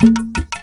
Thank you.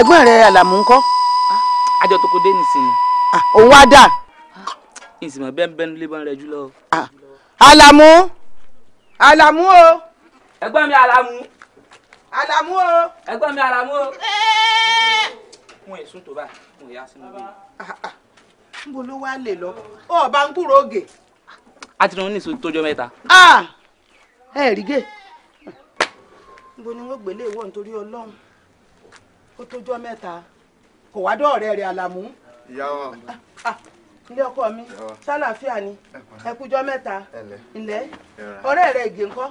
ẹ̀gbọ́n rẹ àlàmú ńkọ́. Ah, àjọ tó kò dé nísìnyí. Ah, òun wá dà. Ah, ìsìnmọ̀ bẹ́ẹ̀ bẹ́ẹ̀ nílé bá rẹ jù lọ. àlàmú àlàmú o. ẹ̀gbọ́n mi àlàmú. àlàmú o. ẹ̀gbọ́n mi àlàmú o. wọn eh! èso tó báyìí wọn yà sínú ilé. níbo ló wá lè lọ ọba ń kúrò ògè. a ti rún ní ìsòtójọ mẹ́ta. ẹ rí gé níbo ni wọ́n gbélé ìwọ nítorí Ọlọ́run. ó mẹ́ta kò wá dọ̀ọ̀rẹ́ rẹ alamu, ìyá wa ah, ah, ilé ọkọ mi sálàáfíà ni mẹ́ta ilẹ̀ ọ̀rẹ́ rẹ̀ ìgè ńkọ́.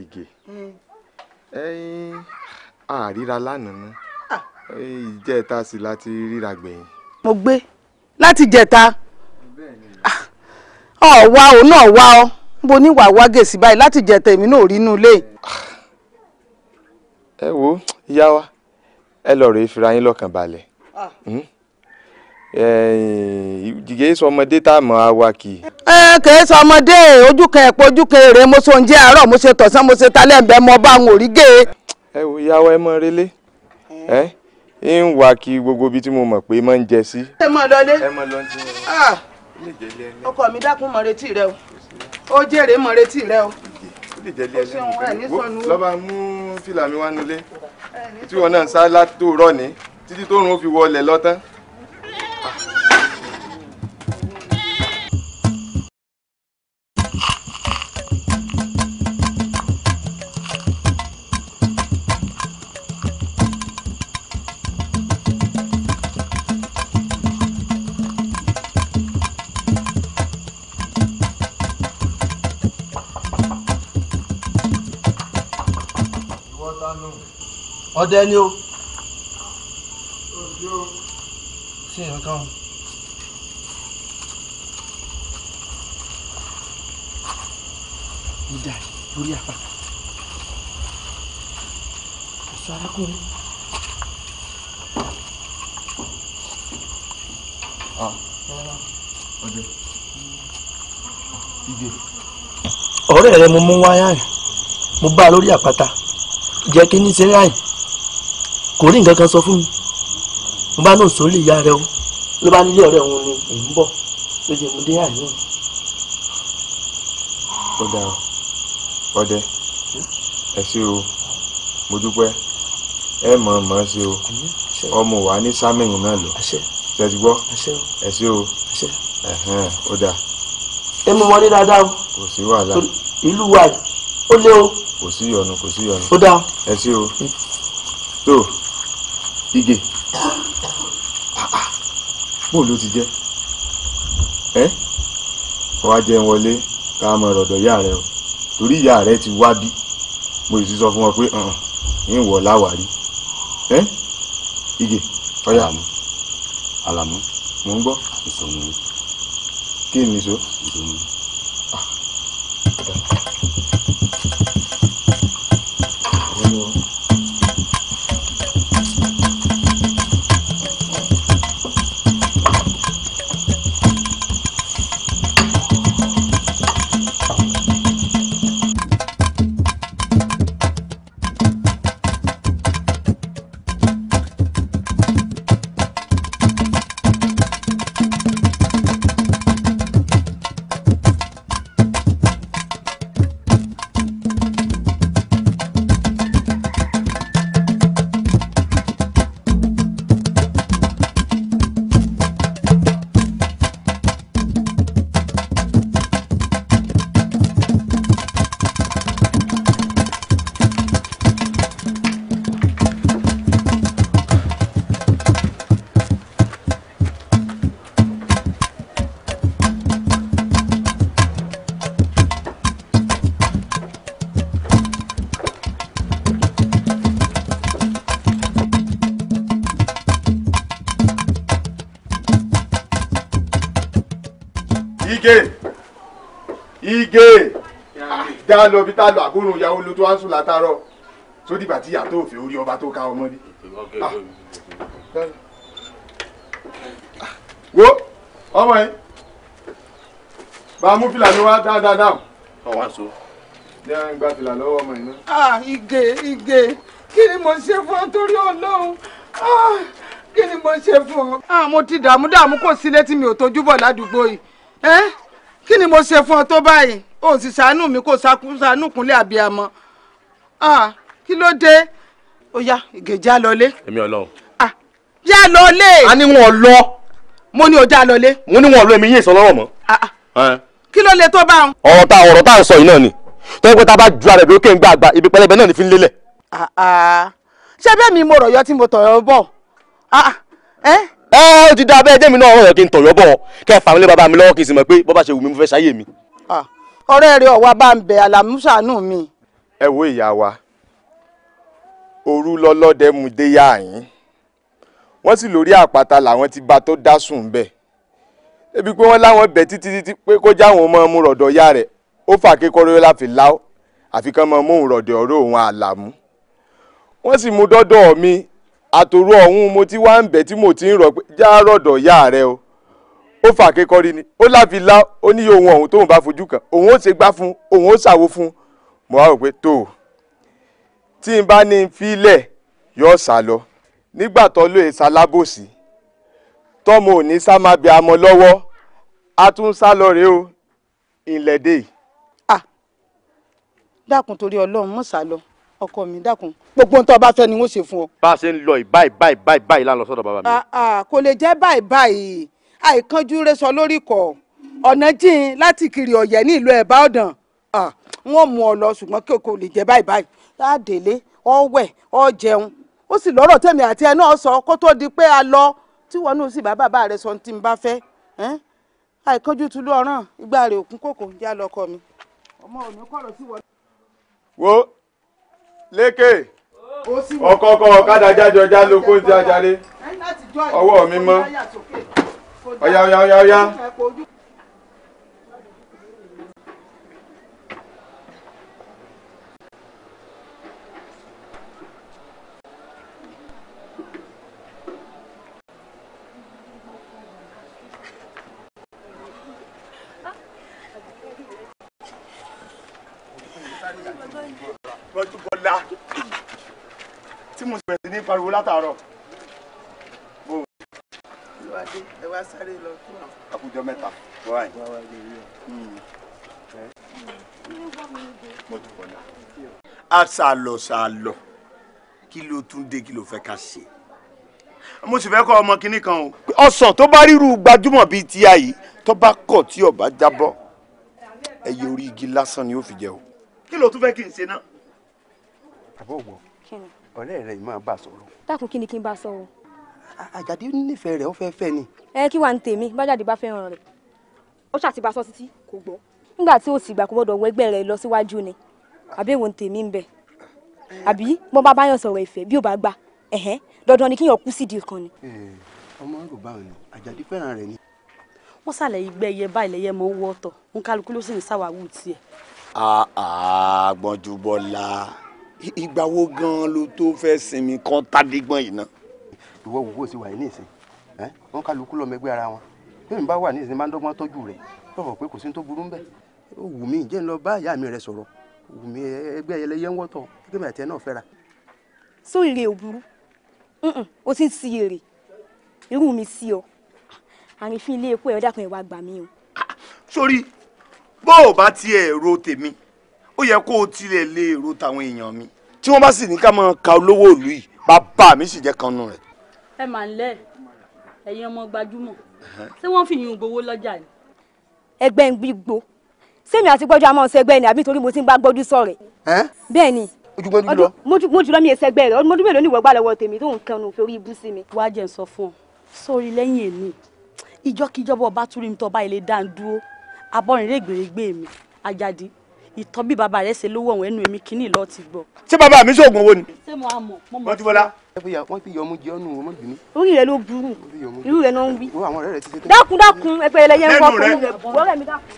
ìgè hmm. ẹyin àríra lánàá ah. ìjẹta sí láti ríra gbẹ̀yìn. mo gbé láti jẹta ọ wá náà wá ọ ní wàá báyìí láti jẹta èmi náà rí inú ẹ wo ìyá wa. ẹ lọ rèé fira yín lọ́kàn balẹ̀ jìgé ah. hmm? sọmọdé tá a mọ awa kì í. ẹ kèé sọmọdé ojúkan ẹ̀pọ̀ ojúkan èrè mo so oúnjẹ àárọ̀ mo ṣe tọ̀sán mo ṣe talẹ́ ǹbẹ́ mo bá àwọn òrí gé. E. ẹ wo ìyàwó ẹ mọ relé eh. ẹ ń wà kí gbogbo ibi tí mo mọ̀ pé máa ń jẹ sí. ẹ mọ lọlé ẹ mọ lọ ah. ọkọ mi dákun mọ retí rẹ o ó jèrè mọ retí rẹ o. ó ṣeun ẹ ní sọnù. lọ́ba mú fìlà mi wá nílé tí wọn náà sá látòrọ ní títí tó rún fi wọlé lọ́tán. ọdẹ ni o. ṣé ìwé kan. ìdá lórí apá ẹ̀ṣọ́ arákùnrin. Ah, ọ̀rẹ́ rẹ mo mú wáyà rẹ̀ mo bá a lórí àpáta jẹ́ kí ní sẹ́ráyìn kò rí nǹkan kan sọ fún mi mo bá lóun sóòlì ìyá rẹ o ló bá nílé ọ̀rẹ́ òun ni èyí ń bọ̀ ló jẹ àníyàn. ó dáa ọdẹ ẹ ṣé o mo dúpẹ́ ẹ mọ̀ ọ́n mọ̀ ọ́n ṣe o ọmọ wa ní sámẹ́yìn náà lọ ṣe ti ẹ ṣé o ó dáa. ẹ mú wọlé dáadáa o kò sí wàhálà ìlú wa ó lé o kò sí yọnu kò sí yọnu ó dáa ẹ ṣé o mm. tó. Ìgè ah, ah. bó ló ti jẹ́ ẹ́ wàá jẹ́ wọlé ká mọ ọ̀dọ̀ ìyá rẹ o torí ìyá rẹ ti wá bí mo sì sọ fún wọn pé ń wọ̀ láwàárí ẹ́ Ìgè ọ̀yà àmú àlàmú mò ń gbọ́ ìsòmù kí ni so ìsòmù. Ah. wá lọ bí tá a lọ àkórùn ìyàwó ló tó wá ń sùn látàárọ̀ tó dìgbà tí ìyá tó fẹ́ orí ọba tó ka ọmọ rí. Ah. wo ọmọ yìí bá a mú fìlà mi wá dáadáa dáhùn. ọwọ́ àṣọ. ní à ń gba fìlà lọ́wọ́ ọmọ yìí náà. a Ìgè Ìgè kí ni mo ṣe fún ọ torí Ọlọ́run ah, kí ni mo ṣe fún ọ. Ah, mo ti dààmú dààmú kò sí létí mi ò tójú bọ̀ ládùúgbò yìí kí ni mo ṣe fún ọ tó báyìí o sì ṣàánú mi kò ṣàánú kúnlẹ̀ àbíamọ kí ló dé ó yá ìgèjà lọlé. èmi Ọlọ́run. yá lọlé. a ní wọn lọ. mo ní o dá lọlé. mo ní wọn lọ èmi yín ìsọlọrọ mọ. kí ló lè tó bá wọn. ọ̀rọ̀ tá ọ̀rọ̀ tá à ń sọ yìí náà ni tọ́jú pé tá a bá ju àrẹ̀bí òkè ń gbà àgbà ibi pẹlẹbẹ náà ni fi ń lélẹ̀. ṣé bẹ́ẹ̀ mi mo rọ̀ yọ tí mo tọ̀ yọ bọ̀ ẹ ó ti dá abẹ́ẹ́ jẹ́mi náà ọ̀rọ̀ kí n tọ̀yọ́ bọ̀ kẹ́ ẹ fà mí lé bàbá mi lọ́wọ́ kí n sì mọ̀ pé bọ́bá ṣe wù mí mo fẹ́ ṣáyé mi. Ah, ọ̀rẹ́ rẹ ọ̀wá bá ń bẹ àlàmúṣàánú mi. ẹ wo ìyá wa òru lọlọ́dẹ mu dé yá yín wọ́n sì lórí àpáta làwọn ti bá tó dá sùn bẹ́ẹ̀ ebi pé wọ́n láwọn bẹ̀ títí títí pé kó jáwọn ọmọ ọmú rọ̀dọ̀ ya rẹ̀ ó fà kékeré láfi láó àfi kán mọ mú rọ̀dọ̀ ọ̀rọ̀ sì mú dọ́dọ̀ mi àtòrú ọ̀hún mo ti wá ń bẹ̀ tí mo ti ń rọ̀ pé já rọ̀dọ̀ yá rẹ o ó fà kékọ́rí ni ó láfilá ó níye ohun ọ̀hún tóun bá fojú kan òun ó ṣe gbá fún òun ó ṣàwo fún mo wá rò pé tó tí n bá ní fílẹ̀ yọ sá lọ nígbà tó lóye sálábòsí tọ́mọ ò ní sá máa bẹ amọ lọ́wọ́ a tún sá lọ rèé o ìlẹ̀dẹ̀. Ah! dákun torí ọlọ́run mọ̀ sá lọ ọkọ mi dákun gbogbo nǹkan bá fẹ́ ni wọ́n ṣe fún ọ. bá a ṣe ń lọ báyìí báyìí báyìí báyìí lánàá sọ́dọ̀ bàbá mi. Ah, ah, kò lè jẹ́ báyìí báyìí àìkánjú rẹ sọ lórí kọ ọ̀nà jìn láti kiri ọ̀yẹ́ ní ìlú ẹ̀bá ọ̀dàn wọ́n ah, mú ọ lọ ṣùgbọ́n o kò lè jẹ́ báyìí báyìí ládèlé ọ wẹ̀ ọ jẹun ó sì lọ́rọ̀ tẹ̀mí àti ẹ náà sọ kó tó di pé a lọ tí wọn náà sì bá bàbá rẹ sọ tí n bá fẹ́ àìkánjú tulú ọ̀ràn ìgbà rẹ̀ òkú kòkò já lọkọ mi ọmọ òní kọ̀rọ̀ sí wọn. wo lékè ọkọọkọ ọ̀kadà jájọ já ló kó ti ajáde ọwọ́ mi mọ́ ọ̀yá ọ̀yá ọ̀yá ọ̀yá. But, but tí mo sì bẹ̀rẹ̀ sí ní pariwo látàárọ̀. ìwádìí ẹ wá sáré lọ fún àwọn. àkùjọ mẹ́ta wáyé. Hmm. mo ti pọ̀ náà. a sàlọ sàlọ kí ló tún dé kí ló fẹ́ ká ṣe mo sì fẹ́ kọ́ ọmọ kinní kan o. ọsàn tó bá ríru gbajúmọ̀ bíi ti àyè tó bá kọ̀ tí ọba jábọ́ ẹyẹ orí igi lásán ni ó fi jẹ o. kí ló tún fẹ́ kí n ṣe náà àbọ̀wọ̀ ọ̀rẹ́ rẹ̀ máa bá a sọ̀rọ̀. dákun kí ni kí n bá a sọ o. àjàdí nífẹ̀ẹ́ rẹ̀ ó fẹ́ fẹ́ ni. ẹ kí wàá ń tèmi bájàdí bá fẹ́ràn rẹ̀ ó ṣàti bá a sọ títí kò gbọ́ nígbà tí ó sì gbà kó gbọ́dọ̀ wọ ẹgbẹ́ rẹ̀ lọ síwájú ni àbí èwo ń tèmi ń bẹ̀ àbí bọ́n bá báyọ̀ sọ̀rọ̀ ìfẹ́ bí ò bá gbà ẹ̀hẹ́n dandan ni kíyàn kú sídìí kan ni. ọmọ rò bá òní àjàdí fẹ́ràn rẹ̀ ni. wọ́n sàlẹ̀ ìgbẹ́ ẹyẹ báyìí lẹ́yẹ mọ́ owó ọ̀tọ̀ ń kálukú ló sì ń sàwáwù tiẹ̀. àà gbọ́njú bọ́lá ìgbà wo gan-an ló tó fẹ́ sinmi kan tádégbọ́n yìí náà. ìwọ wo bó ṣe wà yìí ní ìsìn wọn kálukú lọ mẹgbẹ́ ara wọn bí mi bá wà ní ìsìn máa ń dọ́gbọ́n tọ́jú rẹ̀ lọ́rọ̀ pé kò sí tó burú ńbẹ̀ ó wù mí jẹ́ ń lọ bá ìyá mi rẹ̀ sọ̀rọ̀ wù mí ẹgbẹ́ ẹlẹ́yẹ ń wọ́tọ̀ kí mi àti ẹ náà fẹ́ra. sọ èrè ò burú o ti ń si èrè irú mi sí ọ àrífín ilé epo ẹ̀ ọ́ dàpọ̀ ẹ̀ wá gbà mí o. sórí bó o bá tiẹ̀ ro tèmi ó yẹ kó o tilẹ̀ lè èrò tàwọn èèyàn mi tí wọ́n bá sì ní ká máa ka olówó ìlú yìí bàbá mi sì jẹ́ kanú rẹ̀. ẹ mà ń lẹ ẹ̀yin ọmọ gbajúmọ̀ ṣé wọ́n fi yín gbowó lọ́jà ni. ẹgbẹ́ ń gbígbó sẹ́mi àti gbọ́jọ́ àmọ́ ọ̀sẹ̀ ẹgbẹ́ ni àbí torí mo ti ń bá gbọ́dú sọ̀rẹ̀. bẹ́ẹ̀ ni mo jùlọ mi ẹsẹ̀ ẹgbẹ́ rẹ̀ ọdún mélòó ni ìwọ gbà lọ́wọ́ tèmi tó ń kẹnu fi orí ibú sí mi. wá jẹ́ ń sọ fún ọ sórí lẹ́yìn èmi ìjọ́kíjọ́bọ̀ bá túrí mi tọ́ bá ilé dáńdúró abọ́rin lè gbèrègbè mi Àjàdí ìtọ́ bí bàbá rẹ̀ ṣe lówó ọ̀hún ẹnu èmi kínní lọ ti gbọ́. ṣé bàbá mi ṣoògùn owó ni. ṣé mo á mọ̀ mo mọ̀ sí wa. wọ́n ti yọ ọmú jẹ́ ọ́nù ọmọ bìíní. orí rẹ ló burú irú rẹ náà ń wí. dákun dákun ẹgbẹ́ ẹlẹ́yẹ ń fọ́ fún rẹ bọ́ọ̀rẹ́ mi dákun.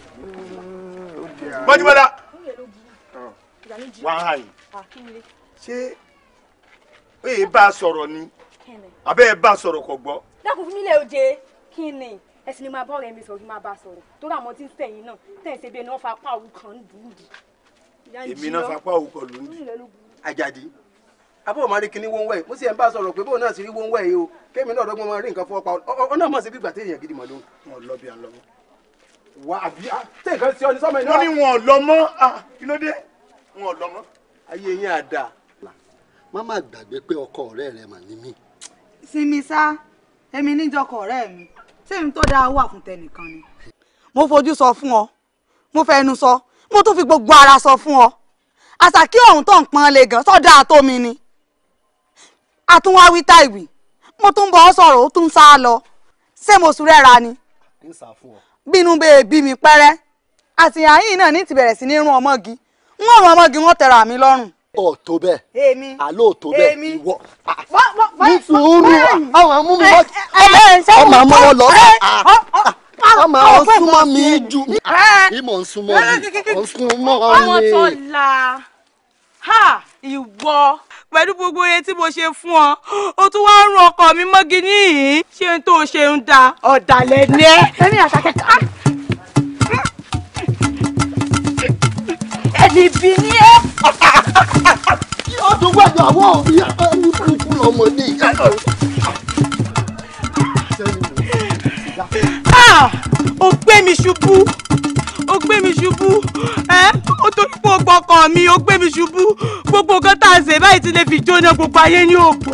mọ́júmọ́lá wàá hàn ah, yìí ṣé ẹ bá a sọ̀rọ̀ ni àbẹ́ ẹ bá a sọ̀rọ̀ kò gbọ́. dákun fún mi lè oje kí ni ẹsìn ni máa bọ́ ọ̀rẹ́ mi sọ̀rọ̀ kí n máa bá a sọ̀rọ̀ torí àwọn tí ń tẹ̀yìn náà tẹ̀yìn ṣe bí ẹni wọ́n fa apá òwú kan lùdì. èmi náà fa apá òwú kan lùdì àjàdí abọ́ máa rí kinní wọ́n wẹ̀ mo sì ẹ̀ ń bá a sọ̀rọ̀ pé bóun náà sì rí wọ́n wẹ̀ yìí o kémi náà dọ́gbọ́n máa rí nǹkan fọwọ́ pa ọ náà mọ̀ sí bí gbàtẹ́ èèyàn gidi mọ̀ lóhùn. wọn lọ bí a lọ mọ. a tẹ nǹkan sí ọ ní sọmọ iná. wọn ní wọn lọ mọ kí ló dé wọn lọ mọ. ayé yín á dáa. má má gbàgbé sẹ́yìn tó dáa wà fún tẹnìkan ni. mo fojú sọ fún ọ mo fẹnu sọ mo tún fi gbogbo ara sọ fún ọ àṣàkí ọ̀hún tó ń pọn lè gan sọ́dà tó mi ni àtúnwá wí táìwì mo tún bọ́ sọ̀rọ̀ ó tún sá lọ ṣé mo sùn rẹ́ra ni bínú bẹ́ẹ̀ bí mi pẹ́rẹ́ àtìyàn yìí náà ní ti bẹ̀rẹ̀ sí ní rún ọmọgi ń rún ọmọgi wọ́n tẹra mi lọ́rùn ọ̀tọ̀ bẹ́ẹ̀. èmi àlóòtó bẹ́ẹ̀ ìwọ. ní sùúrù àwọn amúmi wọ́n ọmọ amúwọ́ lọ ah, ah, ah. ọmọ àwọn súnmọ́ mi jù ìmọ̀ ń súnmọ́ mi ò ń súnmọ́ mi. ọmọ tó la ìwọ pẹ̀lú gbogbo oye tí mo ṣe fún ọ o tún wá ń ran ọkọ mi mọ́gi níhìn-ín ṣé n tó ṣe ń da ọ̀dàlẹ̀ ni ẹ. ẹ̀mí àṣà kẹta. ni ibi ni ẹ. yóò wájú àwọn òbí ẹni kúkú lọmọdé ìkàlọ́. gbé mi ṣubú ó gbé mi ṣubú ẹ ó torí pé ó gbọ́kàn mi ó gbé mi ṣubú gbogbo nǹkan tá a ṣe báyìí ti lè fi jóná gbogbo ayé ní òpó.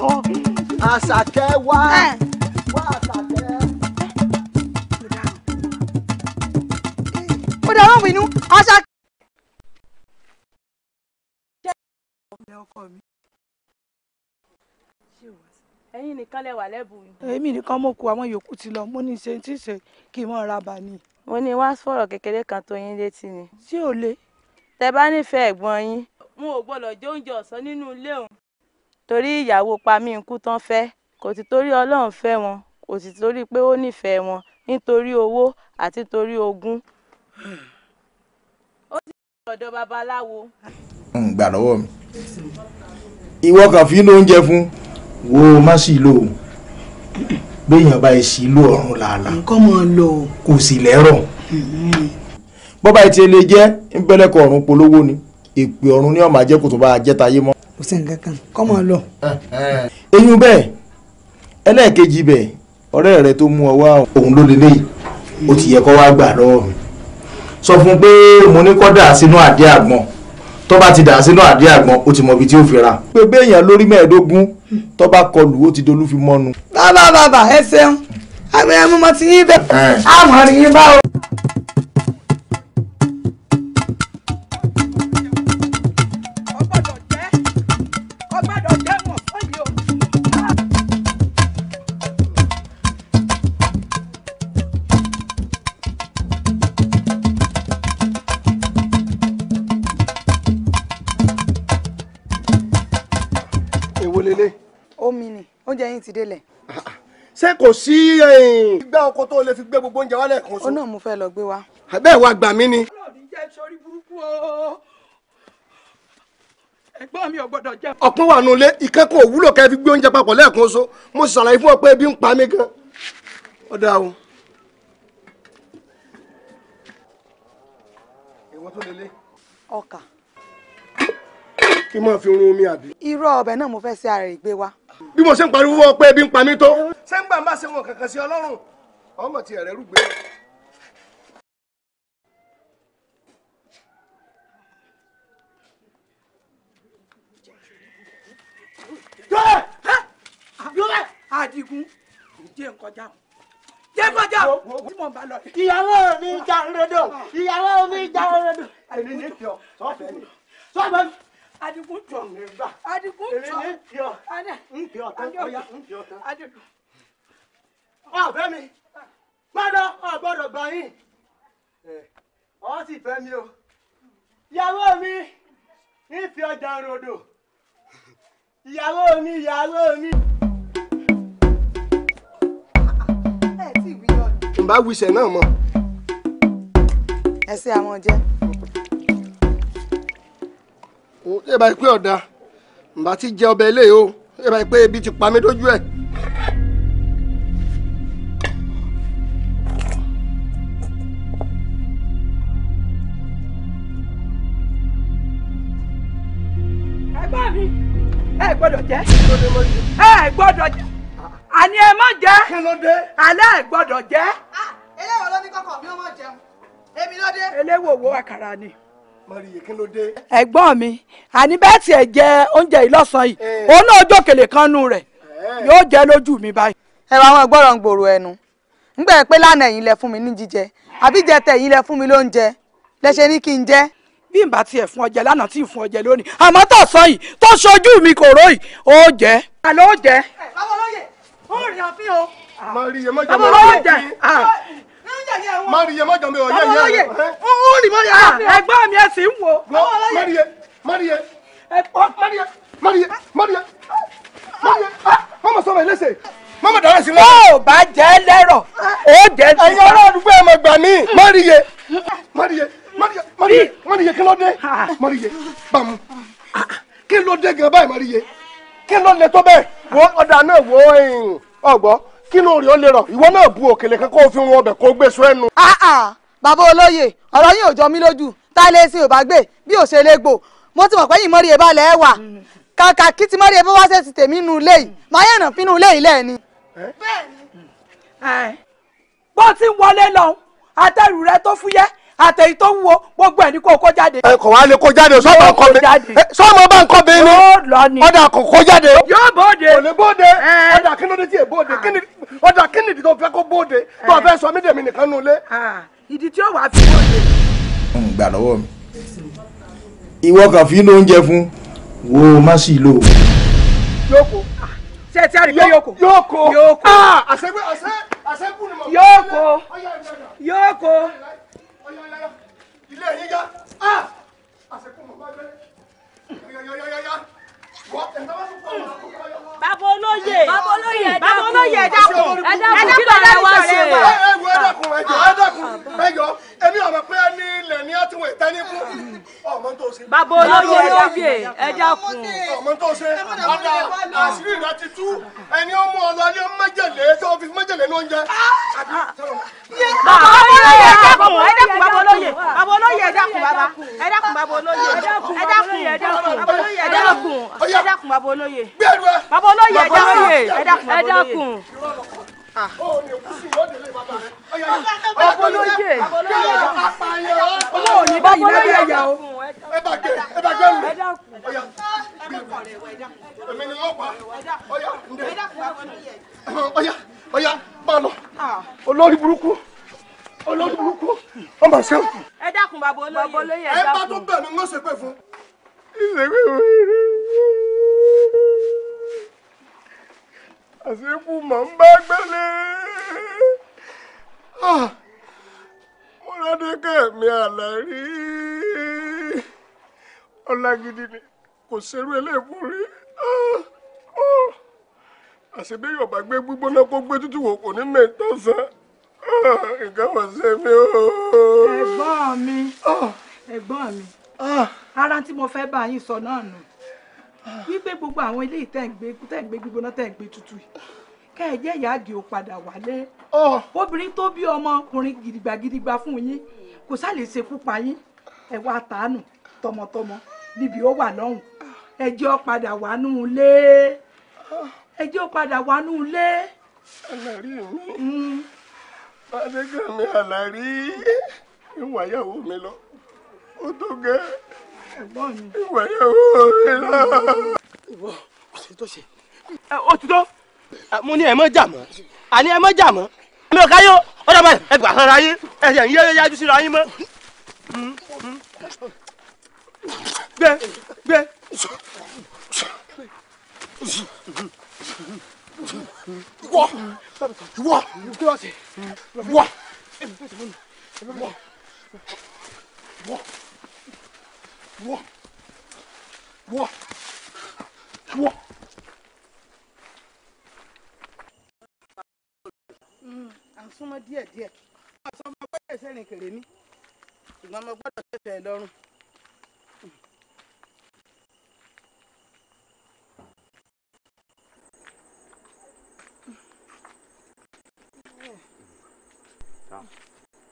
àṣàkẹ́ wá wá àṣàkẹ́. ó dàrú mi ìfẹ́ ọkọ mi. ẹ̀yin nìkan lẹ wà lẹ́bùn mi. èmi nìkan mo kù àwọn yòókù ti lọ mo ní ṣe tí ṣe kí n mọ ra bà ní. mo ní wá sọ̀rọ̀ kékeré kan tó yín létí ni. tí ò le. tẹ bá nífẹ̀ẹ́ ẹ̀gbọ́n yín. mo ò gbọ́dọ̀ jẹ oúnjẹ ọ̀sán nínú ilé òun. torí ìyàwó pa mí nkú tán fẹ́ kò sì torí ọlọ́run fẹ́ wọn kò sì torí pé ó nífẹ̀ẹ́ wọn nítorí owó àti torí ogún. ó sì ń ọ̀dọ̀ babaláwo ń gbà lọ́wọ́ mi ìwọ kàn fi lóúnjẹ fún. wo má sì lò ó béèyàn bá sì lò ọ̀run làálàá nǹkan mọ̀ lò ó kò sì lẹ́rọ̀. bọ́bá ìtì ilé jẹ́ ń bẹ́lẹ́kọ̀ ọ̀run polówó ni èpè ọ̀run ní ọ̀mà jẹ́ kò tó bá a jẹ́ tayé mọ́. kò sí nǹkan kan kọ́ mọ̀ lọ. eyín bẹ́ẹ̀ ẹlẹ́ẹ̀kejì bẹ́ẹ̀ ọ̀rẹ́ rẹ tó mú ọ wá òun ló lélẹ̀ yìí ó ti yẹ kó wá gbà lọ́wọ́ mi sọ fún un pé mo ní kọ́ dà sínú àdé àgbọn tó bá ti dà sínú àdé àgbọn ó ti mọ ibi tí ó fi ra. gbogbo èèyàn lórí mẹ́ẹ̀ẹ́dógún tó bá kọlù ó ti dolú fi mọ́nu. bàbá bàbá ẹ ṣeun àgbẹ̀yẹmú mo ti yín bẹ́ẹ̀ àmọ́ rí yín báwo. ti délẹ̀. ṣé kò sí eh, gbẹ́ oko tó lè fi gbé gbogbo oúnjẹ wálẹ̀ kan sùn. ó náà mo fẹ́ lọ gbé wa. bẹ́ẹ̀ wá gbà mí ni. ẹ̀gbọ́n mi ò gbọ́dọ̀ jẹ. ọ̀pọ̀ wà nulẹ̀ ìkẹ́kọ̀ọ́ òwúlò kẹ́ fi gbé oúnjẹ papọ̀ lẹ́ẹ̀kan so mo ṣàlàyé fún ọ pé ebi ń pa mí gan. ó dáa o. ọkà kí n máa fi run omi àbí. irọ́ ọbẹ̀ náà mo fẹ́ ṣe ara ìgbé wa. bí mo ṣe ń pariwo wọ́n pé ebi ń pa mí tó. ṣé ń gbà má ṣe wọn kankan sí ọlọ́run ọmọ ti ẹ̀rẹ́ rúgbìn. Adigun jẹ́ nkọjá o jẹ́ nkọjá o tí mo bá lọ. ìyàwó mi jà rodo ìyàwó mi jà rodo. àìní ní tí ọ sọ fẹ́ mi sọ fẹ́ mi adigun jọ adigun jọ èmi ní fìọ ń fìọ tán ọyà ń fìọ tán. ọ̀fẹ́ mi gbọ́dọ̀ ọ̀gbọ́dọ̀ gbà yín ọ̀ sì fẹ́ mi o ìyàwó mi ń fi ọjà ròdò ìyàwó mi ìyàwó mi. ǹbá wíṣẹ̀ náà mọ̀. ẹ ṣe àwọn jẹ́ o ṣé báyìí pé ọ̀dà ǹbá ti jẹ ọbẹ̀ ilé o ṣé báyìí pé ebi ti pa mí dójú ẹ̀. ẹ̀gbọ́n mi ẹ gbọ́dọ̀ jẹ ẹ gbọ́dọ̀ jẹ àní ẹ má jẹ alẹ ẹ gbọ́dọ̀ jẹ. Ah, eléwo ló ní kọkàn mi ó mọ jẹun èmi ló dé. eléwo wo àkàrà ni mọ̀rìyè kí ló dé. ẹ̀gbọ́n mi àní bẹ́ẹ̀ tiẹ̀ jẹ oúnjẹ yìí yìí eh. òun náà jókèlè kan nù rẹ̀ eh. yóò jẹ lójú mi báyìí. ẹ wá wọn gbọ́dọ̀ ń gbòòrò ẹnu ńgbẹ́ pé lánàá ẹ̀yin lẹ fún mi ní jíjẹ àbí jẹtẹ ẹ̀yin lẹ fún mi lóúnjẹ lẹ ṣe ní kí n jẹ. bí n bá tiẹ̀ fún ọjẹ lánàá tí ì fún ọjẹ lónìí àmọ́ tó sọ yìí tó ṣojú mi kò róyìí ó jẹ́. àlọ́ ó jẹ́. bàbá olóye ó Máríyẹ má jọ mi ọ̀ yẹ yẹ. Ọlọ́yẹ ń rìn mọ́rí ara ẹ̀gbọ́n mi ẹ̀ sì ń wò. Máríyẹ Máríyẹ Máríyẹ Máríyẹ Máríyẹ Máríyẹ mọ́mọ́ sọ̀rọ̀ ẹ̀ lẹ́sẹ̀ mọ́mọ́ dára sí lọ́wọ́. Tó o bá jẹ́ lẹ́rọ̀, ó jẹ́ ti sọ. Ẹ̀yin ará àdúgbò ẹ̀ mọ̀ gbà mí. Máríyẹ Máríyẹ Máríyẹ Máríyẹ kí ló dé? Máríyẹ bàmú kí ló dé gan báyìí Máríyẹ kí ló lè tó bẹ́ẹ̀? Wo ọ̀dà náà wo ọ̀gbọ́n kínú rẹ̀ ó lè rọ̀ ìwọ náà bu òkèlè kan kó o fi wọn ọbẹ̀ kó o gbé sọ ẹnu. Ah, ah, bàbá olóye ọ̀rọ̀ yín ò jọ mí lójú tá a lè sin ò bá gbé bí ò ṣe lè gbò mo ti mọ̀ pé ìmọ̀rí ẹ̀ bá lẹ̀ wà kàkà kí ti mọ̀rí ẹ̀ bá wá ṣe ti tèmi nu ilé yìí máa yẹ̀nà fínú ilé yìí lẹ́ẹ̀ni. bó ti ń wọlé lọ àtẹrù rẹ tó fúyẹ́ àtẹ̀yí tó ń wo gbogbo ẹ̀ ní kó kó jáde. ẹ kò wá lè kó jáde sọ́mọ kọ́ mi sọ́mọ bá ń kọ́ mi ni ọ̀dà kò kó jáde. yóò bóde. kò lè bóde ọ̀dà kí ló dé tí yẹ bóde ọ̀dà kí nìdí tó fẹ́ kó bóde tó fẹ́ sọ mí dèmi nìkan nulẹ̀. ìdí tí ó wà á fi bóde. ń gbà lọ́wọ́ mi ìwọ kan fi lóúnjẹ fún wo má sì lò. yókò ṣe ti àrí pé yókò. yókò yókò àṣẹ́gbẹ́ àṣẹ́ àṣẹ́kù ni mo. yókò yókò yáyáyá ilé yín yá á àṣekú mọ̀ bá gbé yáyáyáyá wọ́n ẹ̀ náà wọ́n tún pọ̀ wọ́n. bàbá olóyè bàbá olóyè ẹ dákun ẹ dákun kí ló rẹ wá ṣe. ẹ dákun ẹ jọ ẹ dákun ẹ jọ èmi ọ̀rọ̀ pé ẹni ilẹ̀ ní àtiwọ̀ ìtẹ́nikú ọmọ tó ṣe. bàbá olóyè olóyè ẹja kun. ọmọ tó ṣe ọ̀dà àṣírí rẹ ti tú ẹni ó mú ọlọ ní májèlé tó fi májèlé ló ń jẹ. bàbá olóyè ẹja kun ẹja kun bàbá olóyè bàbá olóyè ẹja kun bàbá ẹja kun bàbá olóyè ẹja kun ẹja kun ẹja kun ẹja kun bàbá olóyè. ẹja kun ẹja kun ọbọlóye ọlọ́ọ̀ni báyìí lẹ́yìn ẹ̀yà o. ẹ bá gbé ẹ bá gbé mi. ọyà oh, èmi ni wọ́n pa ọyà ǹdẹ ọyà ọyà bá lọ ah. olórí burúkú olórí burúkú ọmọ ṣe. ẹ dákun bàbá olóye ẹ dákun. ẹ bá tó bẹ̀ ni wọ́n ṣe pé fún. ìṣègùn ìwé rẹ̀ àṣekú mọ̀ ń bá gbélé ah, mo ládékẹ́ mi àlàrí ọlá gidi ni kò ṣerú eléèfó rí àṣebí yorùbá gbé gbígbóná kó gbé tútù wò kò ní mẹ́tọ́ sàn ah, nǹkan wọ̀ ṣe mí o. ẹ̀gbọ́n mi ah. ẹ̀gbọ́n mi ara tí mo fẹ́ bá yín sọ náà nù wípé gbogbo àwọn ilé ìtẹ̀gbẹ́ tẹ̀gbẹ́ gbígbóná tẹ̀gbẹ́ tútù yìí ká ẹ padà wálé oh. obìnrin tó bí ọmọkùnrin gidigbagidigba fún yín kò sá ṣekú pa yín ẹ wá tàánù tọmọtọmọ níbi ó wà lọ́hùn ẹ ó padà wánú ilé ẹ ó padà wánú ilé. alárí mi hmm. adégbèmí alárí ìwà ìyàwó mi lọ ó tó gẹ́ẹ́ ìwà ìyàwó mi lọ. ìwọ ọ̀sẹ̀ tó ṣe. ó ti tó mo ní ẹ mọ jà mọ́ àní ẹ mọ jà mọ́ mi ò káyọ ọ̀dọ̀ bá ẹ gbà sanra yín ẹ jẹ yíyá yájú síra yín mọ́. gbẹ gbẹ. ìwọ ìwọ ìwọ ìwọ ìwọ wọ wọ wọ. à ń súnmọ́ díẹ̀díẹ̀ wọ́n sọ fún ọgbẹ́ ẹ̀sẹ̀ rìn kèrè mi ṣùgbọ́n mo gbọ́dọ̀ tẹ̀sẹ̀ lọ́rùn.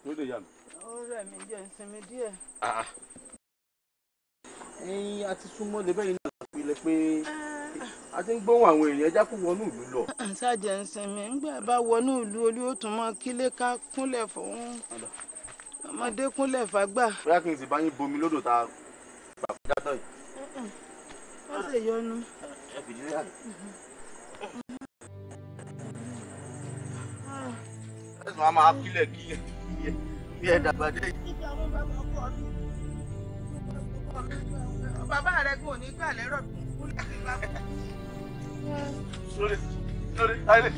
ló lè yà mí. ó rẹ̀ ẹ̀yin àti súnmọ́ lébẹ́ yìí náà fi lè pé a ti ń gbóhùn àwọn èèyàn ẹja kó wọnú ìlú lọ. àṣàjẹ̀ ah, ah, ń sinmi ńgbà bá wọnú ìlú olú ó tún mọ kílé ká kúnlẹ̀ fún ọmọdé kúnlẹ̀ fàgbà. bóyá kí n sì bá yín bomi lódò tá a gbà kọjá tán yìí. ó sì yọnu. ẹ fìdí rẹ àná. Ah. ẹsùn a máa kílẹ̀ kí bí ẹ dàgbà dé. ìyá bàbá rẹ kò ní gbà lẹ́rọ̀ kú láti bá wọn. lórí lórí ayẹlẹ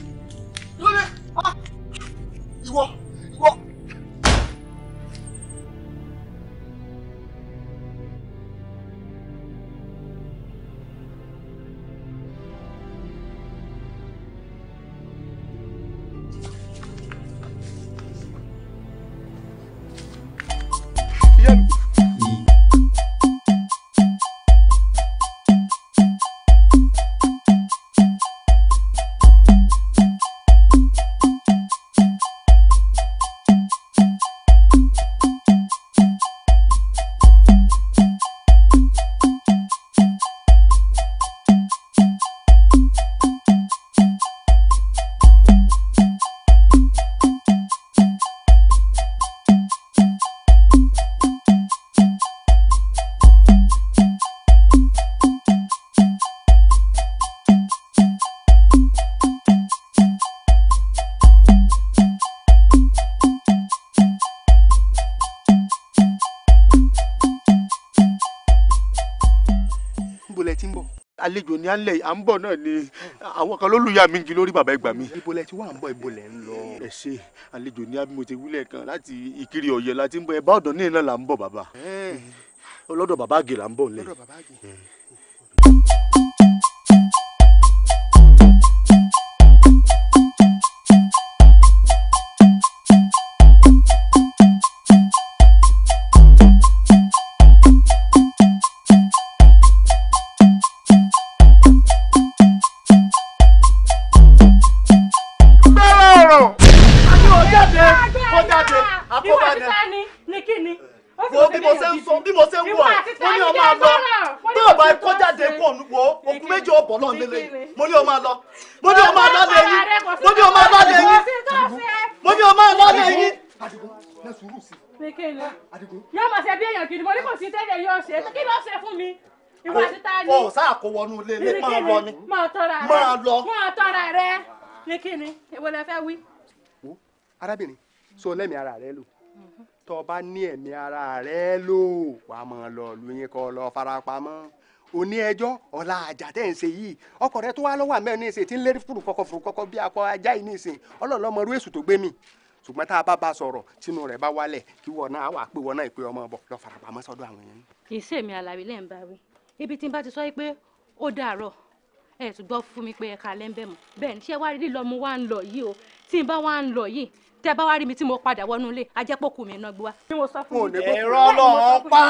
lórí ah! ìwọ ìwọ. àlejò ní alẹ́ à ń bọ̀ náà ni àwọn kan lólùyà mi ń jí lórí bàbá ìgbà mi. ibo lẹ ti wá ń bọ̀ ibo lẹ ń lọ. ẹ ṣe àlejò ní abimu ti wílẹ̀ kan láti ìkiri ọ̀yẹ́ láti ń bọ̀ ẹ bá ọ̀dọ̀ ní ìlànà là ń bọ̀ bàbá ọlọ́dọ̀ bàbá àgè là ń bọ̀ lẹ́yìn. ogun méjì ó bọ̀ lọ́n lélẹ̀ mo ní o máa lọ mo ní o máa lọ lé yín mo ní o máa lọ lé yín mo ní o máa lọ lé yín. Pékélé, yóò máa ṣe bí èèyàn kìdìmọ́ ní kò sí tẹ́lẹ̀ yóò ṣe, kí ló ṣe fún mi? Ìwà ti ta ni. Ọ̀ sáà kó wọnú ilé ilé máa lọ ni. Máa lọ. Máa tọ́ra rẹ. Ní kí Èwo lẹ fẹ́ wí? Arábìnrin, so lẹ́mìí ara rẹ lò mm-hmm. tọ́ bá ní ẹ̀mí ara rẹ lò wàá máa lọ lóyún kọ́ lọ farapamọ́ òní ẹjọ́ ọ̀la àjà tẹ́ ń ṣe yìí ọkọ rẹ tó wá lọ́wọ́ àmẹ́ ní ìsìn tí ń lérí fùrù kọkọ fùrù kọkọ bí akọ ajá yìí ní ìsìn ọlọ́ọ̀lọ́ ọmọ rúwèsù tó gbé mi ṣùgbọ́n tá a bá ba sọ̀rọ̀ tínú rẹ̀ bá wálẹ̀ kí wọ́n náà wà pé wọ́n náà ìpè ọmọ bọ̀ lọ farapamọ́ sọ́dọ̀ àwọn yẹn. kì í ṣe èmi alábi lẹ́yìn bá wí ibi tí n bá ti sọ yìí pé ó dàárọ̀ ẹ̀ tún gbọ́ fún mi pé ẹ̀ka lẹ́ńbẹ̀mọ̀ bẹ́ẹ̀ ni ṣé wá rí lílọ mo wá ń lọ yìí o tí n bá wá ń lọ yìí tẹ bá wá rí mi tí mo padà wọnú ilé ajẹ́pọ̀kù mi iná gbé èrò ló ń pa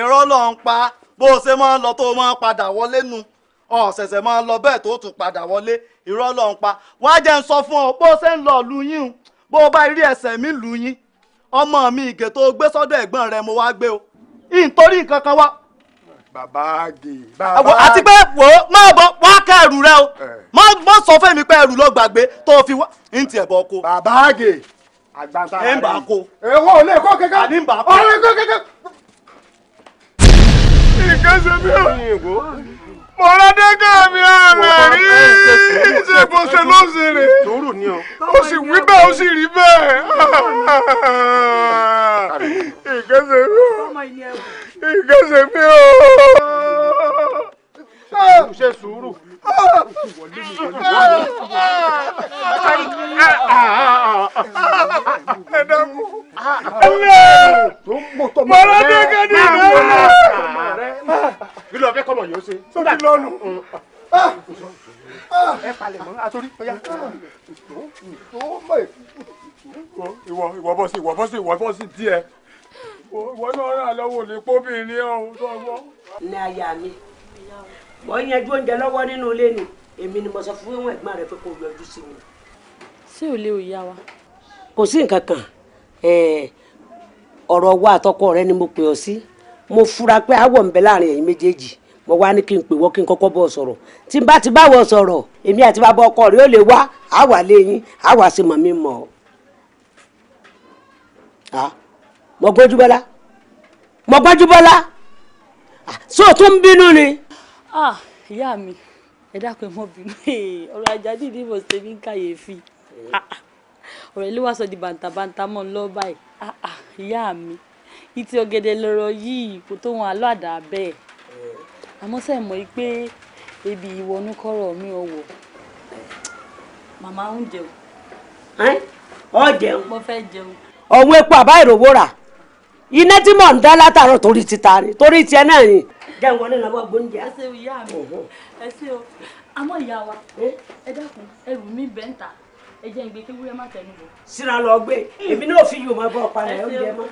èrò ló ń pa bó o ṣe máa ń lọ tó o máa padà wọlé nu ọ̀sẹ̀sẹ̀ máa ń lọ bẹ́ẹ̀ tó o tún padà wọlé èrò ló ń pa wá jẹ́ ń sọ fún ọ bó o ṣe ń lọ lu yín bó o bá rí ẹsẹ̀ mi lù yín ọmọ mi ìgè tó o gbé sọ́dọ̀ ẹ̀gbọ́n rẹ mo wá gbé o nítorí nǹkan kan wá bàbá àgè. Ah, àti pé wò ó máa bọ wá ká ẹrù rẹ o eh. má sọ fún mi pé ẹrù lọ gbàgbé tó fi wá ní tiẹ̀ bọ̀ kó. bàbá àgè àgbàntà rẹ ẹnbà kó. èwo ò lè kó kékeré. àní ń kó. ọ̀rẹ́ kó kékeré. ìkẹsẹ̀ mi ò mo rádẹ́gà mi ààrẹ rí ṣe bó ṣe ló ṣe rè ó sì wí bẹ́ẹ̀ ó sì rí bẹ́ẹ̀ ìkẹsẹ̀ mi ò ìkẹsẹ̀ mi ò ṣe sùúrù. ẹ dàgbù. ẹlẹ́ mọ̀rọ̀ tó kẹ́ni ìdáwọ́. kí ló fẹ́ kọ́mọ yóò ṣe. sókè lọ́nu ẹ palẹ̀ mọ́ àtòrí ọ̀yá. ìwọ ìwọ bọ́ sí ìwọ bọ́ sí ìwọ bọ́ sí díẹ̀ ìwọ náà rà lọ́wọ́ lè pọ́bìnrin ọ̀hún tó gbọ́. ní aya mi wọ́n yanjú oúnjẹ lọ́wọ́ nínú ilé ni èmi ni mo sọ fún wọn ẹ̀gbọ́n rẹ pé kò yọjú sí mi. ṣé ò lè ò yá wa. kò sí nǹkan kan ọ̀rọ̀ wa àtọkọ rẹ ni mo pè ọ́ sí mo fura pé àwọ̀ ń bẹ láàrin ẹ̀yin méjèèjì mo wá ní kí n pè wọ́n kí n kọ́kọ́ bọ̀ sọ̀rọ̀ tí n bá ti báwọ̀ sọ̀rọ̀ èmi àti bàbá ọkọ rẹ ó lè wá àwà léyìn àwà sí mọ̀ mi mọ̀ ọ́ mo gbójú bọ́lá mo gbójú bọ́lá bínú ni. ah ìyá mi ẹ dákun mo ṣe ní ọrụ ah, ah. ọ̀rọ̀ ilé wa sọ di bàǹtàbàǹtà lọ báyìí ah, mi ìtì ọ̀gẹ̀dẹ̀ lọrọ yìí kò tó wọn àlọ́ àdá bẹ́ẹ̀ àmọ́ sẹ́ mọ yìí ebi ìwọnú mi ò màmá ń jẹun. ọ jẹun. mo fẹ́ jẹun. epo àbá rà iná tí mò ń dá látàárọ̀ torí ti torí jẹ́ ń wọlé lọ́wọ́ gbóúnjẹ. ẹ ṣe ìyá mi ẹ ṣe o àmọ́ ìyá wa ẹ dákun ẹrù mi bẹ́ẹ̀ ń ta ẹ jẹ́ ìgbé kéwúrẹ́ má tẹnu bọ̀. síra lọ gbé mm. èmi náà fi yùmọ̀ bọ́ ọ̀pá rẹ̀ ó jẹ mọ́.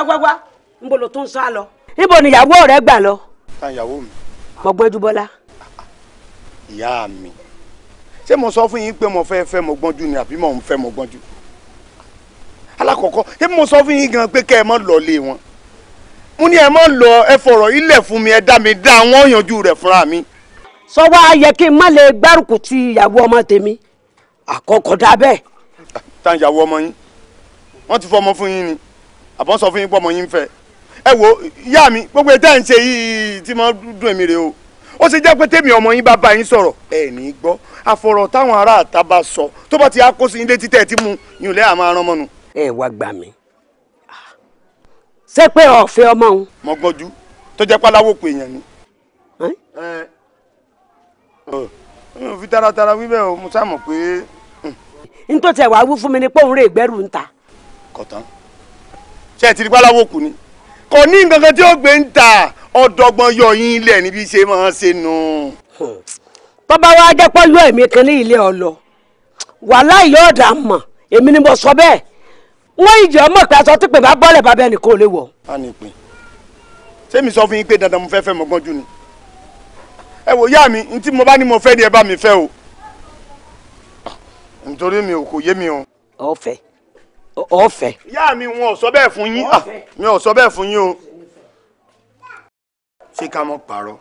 wá níbo ló tún sá lọ níbo ni ìyàwó rẹ gbà lọ. ta ìyàwó mi. mọ̀gbọ́n ju bọ́lá. Ah, ah, ìyá mi ṣé mo sọ fún yín pé mo fẹ́ fẹ́ mo gbọ́njú ni àbí mo fẹ́ mo gbọ́njú. alákọ̀ọ́kọ́ ṣé mo sọ fún yín gan pé kẹ́ ẹ má lọ lé wọn. mo ní ẹ má lọ ẹ fọ̀rọ̀ ilẹ̀ fún mi ẹ dá mi dá wọn yanjú rẹ̀ fúnra mi. sọ wá yẹ kí n má lè gbárùkù ti ìyàwó ọmọ tèmi àkọ́kọ́ dá ta ìyàwó ọmọ yín wọ́n ti fọmọ fún yín ni àbọ̀ sọ fún yín pọ̀ mọ́ yín fẹ́ ẹ wo ìyá mi gbogbo ẹ̀ tẹ́ ń ṣe yìí tí mo dùn èmi rè o ó ṣe jẹ́ pé tèmi ọmọ yín bá bá yín sọ̀rọ̀ ẹ ní gbọ́ àfọ̀rọ̀ táwọn ará àta bá sọ tó bá ti á kó sí ilé títẹ̀ tí mu yìí lẹ́yà máa rán mọ́nu. ẹ wá gbà mí ṣé pé ọ̀fẹ́ ọmọ òun. mo gbọ́njú tó jẹ́ páláwo pé èèyàn ni. ẹ ẹ fi taratara wíbẹ̀ o mo sá mọ̀ pé. Hmm. n tó tẹ̀ wá wú fún mi ni pé òun rè gbẹ́rù ń ta. kọ̀tán ṣe ẹ ti di páláwo kù ni kò ní nǹkan tí ó gbé ń ta ọ̀dọ́gbọ́n yọ yín ilẹ̀ níbi ṣe máa ṣe nu. Hmm. bàbá wa jẹ́ pọ́lú ẹ̀mí kan ní ilé ọlọ wàhálà yóò dà mọ̀ èmi ni mo sọ bẹ́ẹ̀ wọ́n ìjọ ọmọ ìpè aṣọ tí pè bọ́lẹ̀ bàbá ẹnì kò lè wọ̀. a ní ìpín ṣé mi sọ fún yín pé dandan mo fẹ́ fẹ́ mọ́gbọ́n jù ni ẹ wò yá mi n tí mo bá ní mo fẹ́ ni ẹ bá mi fẹ́ o ah, nítorí mi ò kò yé mi o. ọ̀fẹ́ ọ̀fẹ́. Y'a mi wọn ò sọ bẹ́ẹ̀ fún yín ah, mi ò sọ bẹ́ẹ̀ fún yín o. ṣé ká mọ̀ pààrọ̀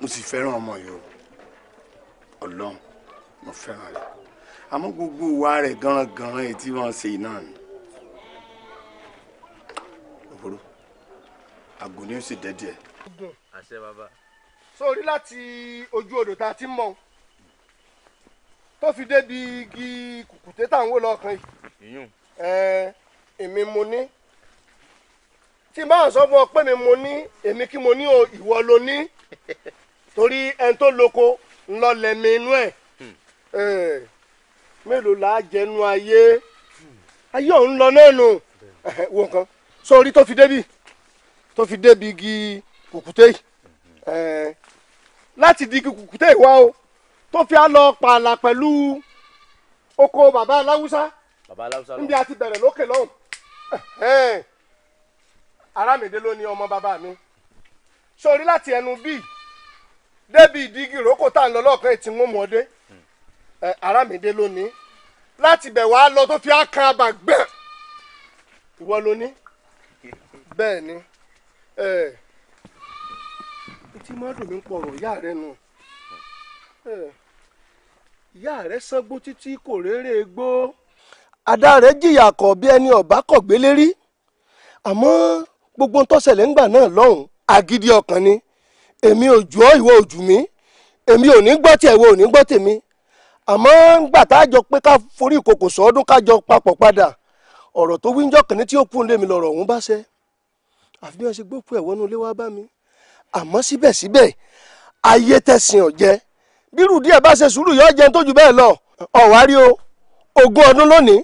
mo sì fẹ́ràn ọmọ yìí o ọlọ́run mo fẹ́ràn rẹ̀ àmọ́ gbogbo ìwà rẹ̀ ganran-ganran ètí wọn ṣe náà ni. òwúrò àgùn ni ó sì dẹ́dí ẹ̀. àṣẹ sórí láti ojú odò tá a ti ń mọ tó fi débi igi kùkùté tá à ń wò lọ́ọ̀kan yìí èmi mo ní tí bá ń sọ fún ọ pé mi mo ní èmi kí mo ní o ìwọ ló ní torí ẹni tó loko ńlọ lẹ́mi inú ẹ̀ mélòó la jẹnu ayé ayé òun lọ náà nù wo nǹkan sórí tó fi débi tó fi débi igi kùkùté láti di igi kùkùté wá o tó fi á lọ pààlà pẹ̀lú oko bàbá aláwùsá níbi àti bẹ̀rẹ̀ lókè lọ́hùn arámìdé ló ní ọmọ bàbá mi sórí láti ẹnu bíi débi ìdígi ìrókò tá à ń lọ lọ́ọ̀kan ètí wọn mọ̀ọ́dé arámìdé ló ní láti bẹ̀ wá lọ tó fi á kan abà ìwọ ló ní bẹ́ẹ̀ ni ìtì máa dùn mí pọ̀rọ̀ ìyá rẹ nù ìyá rẹ sangbó títí kò réré gbó. Ada rẹ̀ jìyà kọ̀ bí ẹni ọ̀bá kọ̀ gbélé rí àmọ́ gbogbo ń tọ́sẹ̀lẹ̀ ńgbà náà lọ́hùn agídí ọkàn ni èmi ò jù ọ́ ìwọ ò jù mí èmi ò ní gbọ́ tiẹ̀ ìwọ ò ní gbọ́ tèmi àmọ́ ńgbà tá a jọ pé ká forí ìkòkò sọ́ọ́dún ká jọ papọ̀ padà ọ̀rọ̀ tó wíńjọ́ kìíní tí ó kún lé mi lọ̀rọ̀ ọ̀hún bá ṣẹ àfi bí wọ́n ṣe gbókùn ẹ̀wọ́n nulẹ̀ wá bá mi àmọ́ síbẹ̀síbẹ̀ ayé tẹ̀sìn ọ̀jẹ́ bírù díẹ̀ bá ṣe sùúrù yọ ọ́ jẹun tó jù bẹ́ẹ̀ lọ ọ̀wárí o ogún ọdún lónìí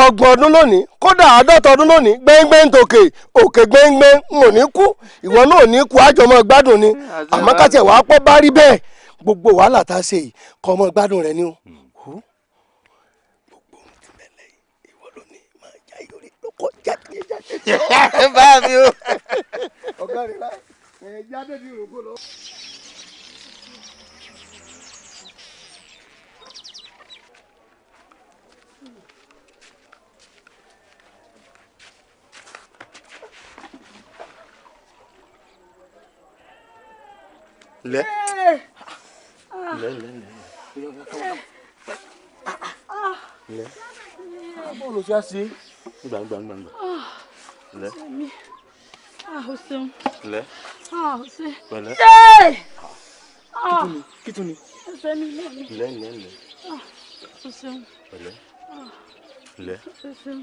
ọgbọ̀n ọdún lónìí kódà àádọ́ta ọdún lónìí gbẹ́ngbẹ́ng tòkè òkè gbẹ́ngbẹ́ng n ò ní kú ìwọ náà ni àmọ́ ká wàá pọ́ bá rí bẹ́ẹ̀ gbogbo wàhálà tá a ṣe yìí kọ́ ni hmm. lẹ lẹ lẹ lẹ bọ́ọ̀lù ṣe á sí gbàngbàngbàngbà lẹ o ṣeun lẹ o ṣe pẹ̀lẹ́ kìtù ni ẹsẹ̀ mi lẹ mi lẹ lẹ lẹ o ṣeun pẹ̀lẹ́ lẹ o ṣeun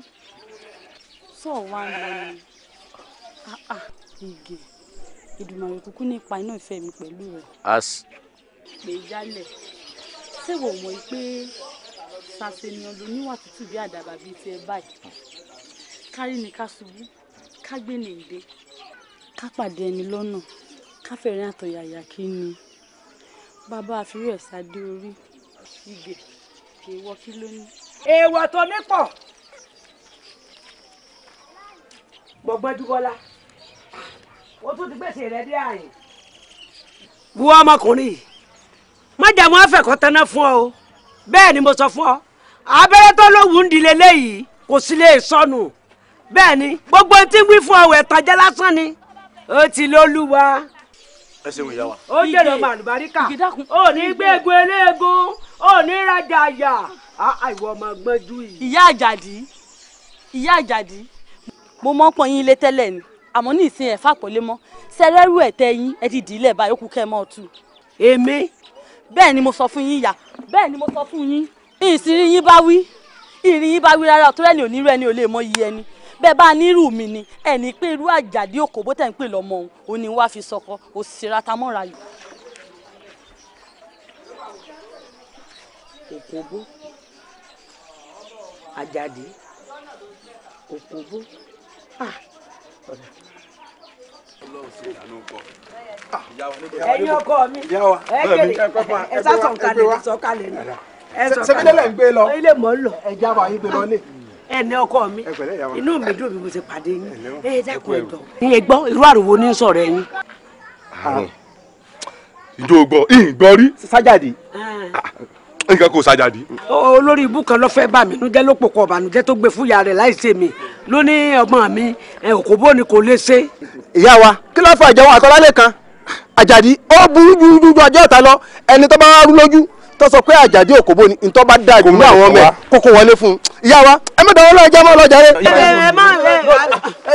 sọ wa ń lọ ni ah, ah. igi ìdùnnà ìkúkú nípa iná ìfẹ́ mi pẹ̀lú rẹ̀. as. pé jálẹ̀ ṣé wò mọ̀ pé sàṣèyàn ló níwà tútù bí àdàbà bíi tiẹ̀ báyìí kárí ni ká ṣubú ká gbé nìyíde ká pàdé ẹni lọ́nà ká fẹ̀rẹ̀ àtọ̀yàyà kí ni bàbá àfihàn ẹ̀ sáde orí ibẹ̀ èèwọ̀ kí ló ní. èèwọ̀ tó nípọ̀ gbọ̀gbọ́n dúbọ́lá o tún ti gbèsè rẹ dé àyìn. wo ọmọkùnrin yìí májàmú afẹ́kọ̀ọ́ tanná fún ọ o bẹ́ẹ̀ ni mo sọ fún ọ abẹ́rẹ́ tó lówùú ń di leléyìí kò sí lè sọnù bẹ́ẹ̀ ni gbogbo tí wí fún ọwọ́ ẹ̀tànjẹ́ lásán ni ó ti lólúwa. ẹ ṣeun ìyá wa. ó jèrè ọmọ àlùbáríkà ó ní gbégun eléegun ó ní rajà àyà àìwọ ọmọ gbọ́njú yìí. ìyá àjàdí ìyá àjàdí mo mọ́ pọ̀ yín ilé tẹ́lẹ̀ ni àmọ́ ní ìsìn ẹ̀fà pọ̀lẹ́ mọ́ sẹ́rẹ́rù ẹ̀tẹ́ yín ẹ ti dìílẹ̀ báyìí ó kú kẹ́ ẹ mọ́ ọtú. èmi. bẹ́ẹ̀ ni mo sọ fún yín ìyá bẹ́ẹ̀ ni mo sọ fún yín ìsìn yín bá wí ìrìn yín bá wí rárá ọ̀tọ́ rẹ́ni onírú ẹni ò lè mọ iye ẹni bẹ́ẹ̀ bá ní irú mi ni ẹni pé irú àjàdí òkò bó tẹ̀ ń pè lọ́mọ òun òun ni wá fi sọkọ òsìra ta mọ́ra yìí. òkòbó àjàdí òkòbó ah Ah, ẹ̀yin ọkọ mi ẹ sàtọ̀ kalẹ̀ ní sọ̀kalẹ̀ ní. sẹ́kẹ́dẹ́lẹ̀ ń gbé lọ ilé mọ̀ ń lọ. ẹja wa yín gbé lọ lé. ẹni ọkọ mi inú mi dùn bí mo ti pàdé yín ẹ dákun ẹ dọ̀. ìyẹn gbọ́ irú àròwọ ní sọ̀rọ̀ ẹ̀yin. ìjọ gbọ́ ìgbọ́ rí. sájàdì nǹkan kò sàjàdí. olórí ibú kan lọ́fẹ́ bá mi nújẹ́ ló pòkọ̀ ọ̀bànújẹ́ tó gbé fúyà rẹ̀ láìsè mi ló ọmọ mi òkòbó ni kò lè ṣe. ìyá wa kí ló fọ ìjọba àtọ́lálẹ̀ kan àjàdí ó burú ju ju ọjọ́ ìta lọ ẹni tó bá rú lójú tó sọ pé àjàdí òkòbó ni ntọ́ bá dá ìgbìmọ̀ àwọn ọmọ ẹ̀ kókó wọlé fún un ìyá wa ẹ mẹ́ta wọn lọ́ọ́ mọ́ lọ́jà rẹ. ẹ má lẹ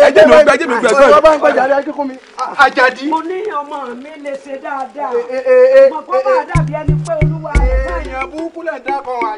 ẹjẹ mi gbẹ ẹjẹ mi gbẹ gbẹ. ọba ń gbàjà rẹ kíkún mi àjàdí. mo ní ọmọ mi lè ṣe dáadáa mo kọ́ bá dàbí ẹni pé olúwa ẹ̀ èèyàn burúkú lẹ̀ dákọ̀ wá.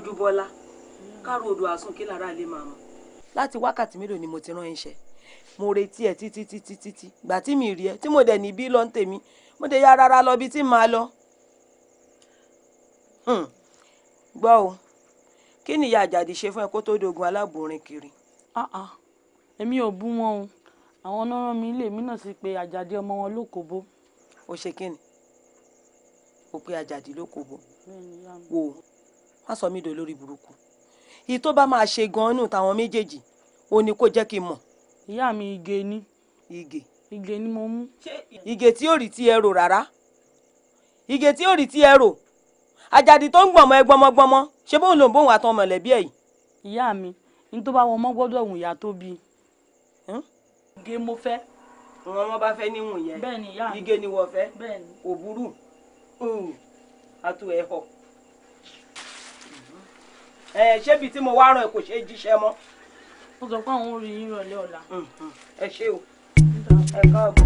yanjú bọ́lá káàró odò àsun kí lára lè máa mọ̀. láti wákàtí mélòó ni mo ti rán iṣẹ́ mo retí ẹ títí títí títí gbà tí mi rí ẹ tí mo dẹ̀ níbí lọ ń tèmi mo dẹ̀ yá rárá lọ bí tí màá lọ. Hmm. gbọ́ o kí ni ìyá àjàdì ṣe fún ẹ kó tó dogun aláàbòrin kiri. èmi ò bú wọn o àwọn náà mi ilé mi náà sí pé àjàdì ọmọ wọn ló kó bó. o ṣe kí ni o pé àjàdì ló kó bó. wo má sọ mí dò lórí burúkú èyí tó bá máa ṣe gan-an nù táwọn méjèèjì ò ní kó jẹ́ kí n mọ̀. ìyá mi ìgè ni. ìgè. ìgè ni mo mú. ìgè tí ò rí tí ẹ rò rárá ìgè tí ò rí tí ẹ àjàdì tó ń gbọ̀mọ̀ ẹ gbọmọgbọmọ ṣé bóun lòun bóun àtọmọ mọ̀lẹ́bí ẹ̀ yìí. ìyá mi ní tó bá wọn mọ́ gbọ́dọ̀ wùn ìyá tó bí i. mo fẹ́. wọn wọn bá fẹ́ níwùn yẹn. bẹ́ẹ̀ ni ìyá mi ìgè ni wọ́n fẹ́. bẹ́ẹ̀ ni òbúrú àtúwẹ̀ ẹ̀họ̀ ẹ ṣébi tí mo wá rán ẹ kò ṣe jíṣẹ́ mọ́. ó sọ pé àwọn orin yín rọlẹ́ ọ̀la. ẹ ṣé o ẹ káàbọ̀.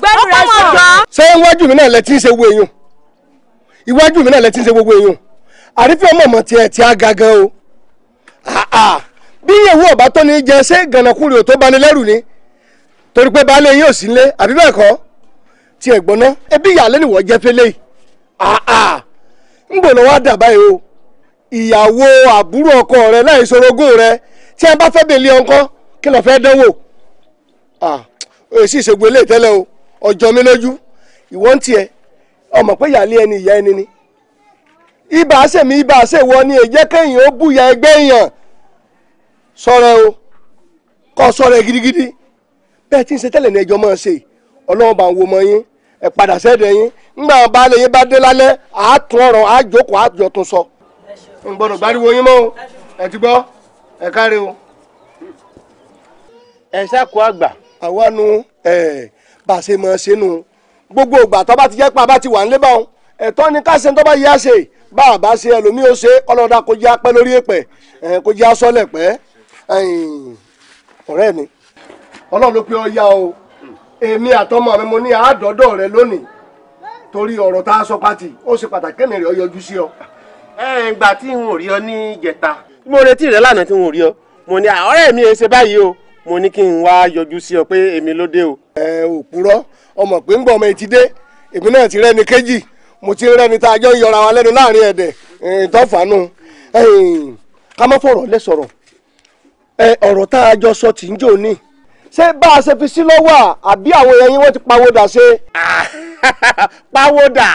gbẹ́rù rẹ̀ ṣùgbọ́n. ṣé iwájú mi náà lẹ ti ń ṣe wo èèyàn iwájú mi náà lẹ ti ń ṣe gbogbo èèyàn àrífẹ́ ọmọ ọmọ tiẹ̀ tí a ga gan o bí ìyẹ̀wò ọ̀bá tó ní jẹ ṣé gànàkúrò tó bani lẹ́rù ni. torí pé baálé yín ò sí lé àbí bẹ́ẹ̀ kọ́ tí ẹ̀ ẹbí ìyàlẹ́ nìwọ̀ jẹ́ fẹ́lẹ́ àà ń bò lọ́wọ́ àdàbà yìí o ìyàwó àbúrò ọkọ rẹ láì sorogún rẹ tí ẹ bá fẹ́ bèlè ọkọ kí lọ́ọ́ fẹ́ dánwò èsì ìṣègùn ilé ìtẹ́lẹ̀ o ọjọ́ mi lójú ìwọ ń tiẹ̀ ọmọ pé ìyàlẹ́ ẹni ìyá ẹni ni ibà ibà ni èjẹ́ bẹ́ẹ̀ tí ń ṣe tẹ́lẹ̀ ní ẹjọ́ máa ṣe bá ń wo mọ yín ẹ padà sẹ́dẹ̀ yín ńgbà baálé yín bá dé lálẹ́ àátún ọ̀rọ̀ àjọ tún sọ. n gbọ́dọ̀ gbariwo yín mọ́ o ẹ ti ẹ káre o. ẹ ṣàkó àgbà. àwa nu ẹ bá a ṣe máa ṣe nu gbogbo ìgbà tó bá ti jẹ́ pé wà ń lébà ọlọ́run ló pé ọ yá o èmi àtọmọ mi mo ní àádọ́dọ̀ rẹ lónìí torí ọ̀rọ̀ tá a sọ pátì ó ṣe pàtàkì kẹ́ni rẹ̀ ọ yọjú sí ọ. ẹ ẹ gbà tí n ò rí ọ ní ìjẹta. mo retí rẹ lánàá tí n ò rí ọ mo ní ọ̀rẹ́ mi ẹ ṣe báyìí o mo ní kí n wá yọjú sí ọ pé èmi ló dé o. ẹ ò purọ́ ọmọ pé ń gbọ́ ọmọ etí dé èmi náà ti rẹ́ni kéjì mo ti rẹ́ni tá a jọ ń yọra wa lẹ́nu láàrin ẹdẹ ìtọ́fàánú ká má fọ̀rọ̀ lẹ́sọ̀rọ̀ ọ̀rọ̀ tá a jọ sọ tì ń jò ní ṣé bá a ṣe fi sí lọ́wọ́ àbí àwọn ẹyin wọ́n ti pawódà ṣe. pawódà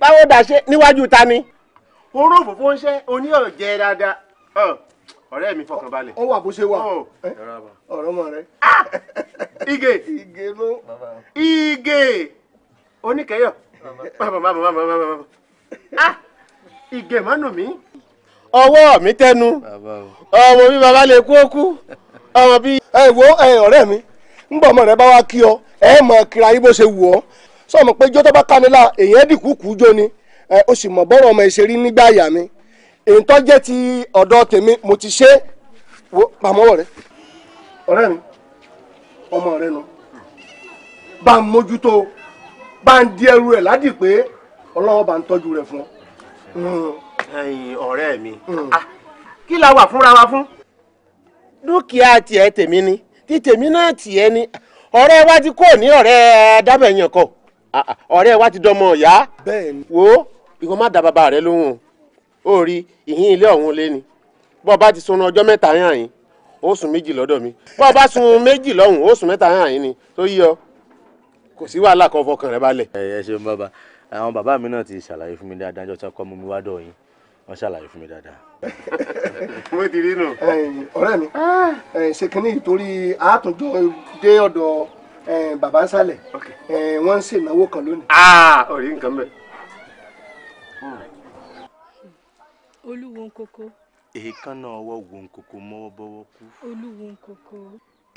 pawódà ṣe níwájú ta ni. oró òfófó ń ṣe oníyọ̀ jẹ dáadáa ọ̀rẹ́ mi fọkàn balẹ̀. ó wà bó ṣe wà ọ̀rọ̀ mọ̀ rẹ. Ah! Ige Ige ló Ige oníkẹyọ ah! Ige mọ́nù mi. ọwọ́ mi tẹnu ọmọ mi baba lè kú ó kú. àwọn bí ẹ wo ẹ mi ń ọmọ rẹ bá wá kí ọ ẹ mọ kíra ṣe wù ọ sọmọ pé jọtọ bá kánilá èèyàn dìkú kú jó ni o sì mọ bọ́rọ̀ ọmọ ìṣeré nígbà àyà mi èyí tó ti ọdọ tèmi mo ti ṣe wo rẹ mi ọmọ rẹ nu bá ń mójútó bá ń di ládì pé ọlọ́wọ́ ń tọ́jú hmm. hmm. ah, la wà fúnra wa fún. dúkìá tiẹ̀ tèmi ni tí tèmi náà tiẹ̀ ni ọ̀rẹ́ wa ti kó ní ọ̀rẹ́ eh, dábẹ̀yàn kọ ah, ah, ọ̀rẹ́ wa ti dọmọ ọ̀yá wo ìwọ má da bàbá rẹ lóhùn o rí ìhín ilé ọ̀hún lé ni bọ́ọ̀ bá ti sunrun ọjọ́ mẹ́ta yàn yín o sùn méjì lọ́dọ̀ mi bọ́ọ̀ bá sun méjì lọ́hùn o sùn mẹ́ta yàn yín ni tó yí ọ kò sí wàhálà kan fọkàn rẹ balẹ̀. ẹ ṣeun bàbá àwọn bàbá mi náà ti ṣàlàyé fún mi wọ́n ṣàlàyé fún mi dáadáa. mo ti rí nù. ọ̀rẹ́ mi ṣe kínní ìtorí àtúntò dé ọ̀dọ̀ bàbá sálẹ̀ wọ́n ń ṣènáwó kan lónìí. orí nǹkan bẹ́ẹ̀. Hmm. olúwo nkoko. èékánná ọwọ́ wo nkoko mọ́wọ́ bọ́wọ́ kú. olúwo nkoko.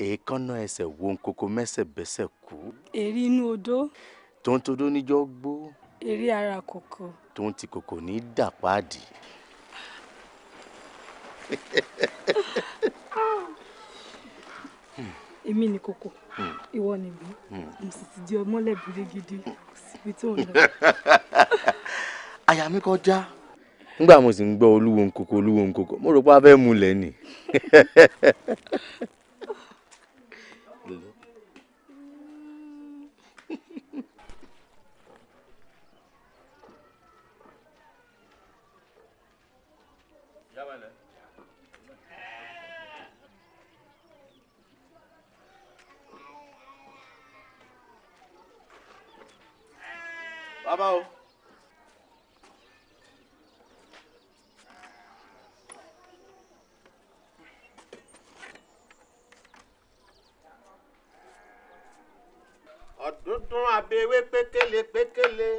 èékánná ẹsẹ̀ wo nkoko mẹ́sẹ̀ bẹ́sẹ̀ kú. èrí inú odó. tó ń todó níjọ́ gbó. èrí ara kòkò. tó ń ti kòkò ní dàpáàdì èmi ni kòkò ìwọ ni bí mo sì ti di ọmọlẹ́bìrì gidi síbi tó ń lọ. àyà mi kọjá nígbà mo sì ń gbọ́ olúwo nkoko olúwo nkoko mo rò pé a fẹ́ mulẹ̀ ni. bàbá o. ọ̀dúndún abẹ́wé pékélé pékélé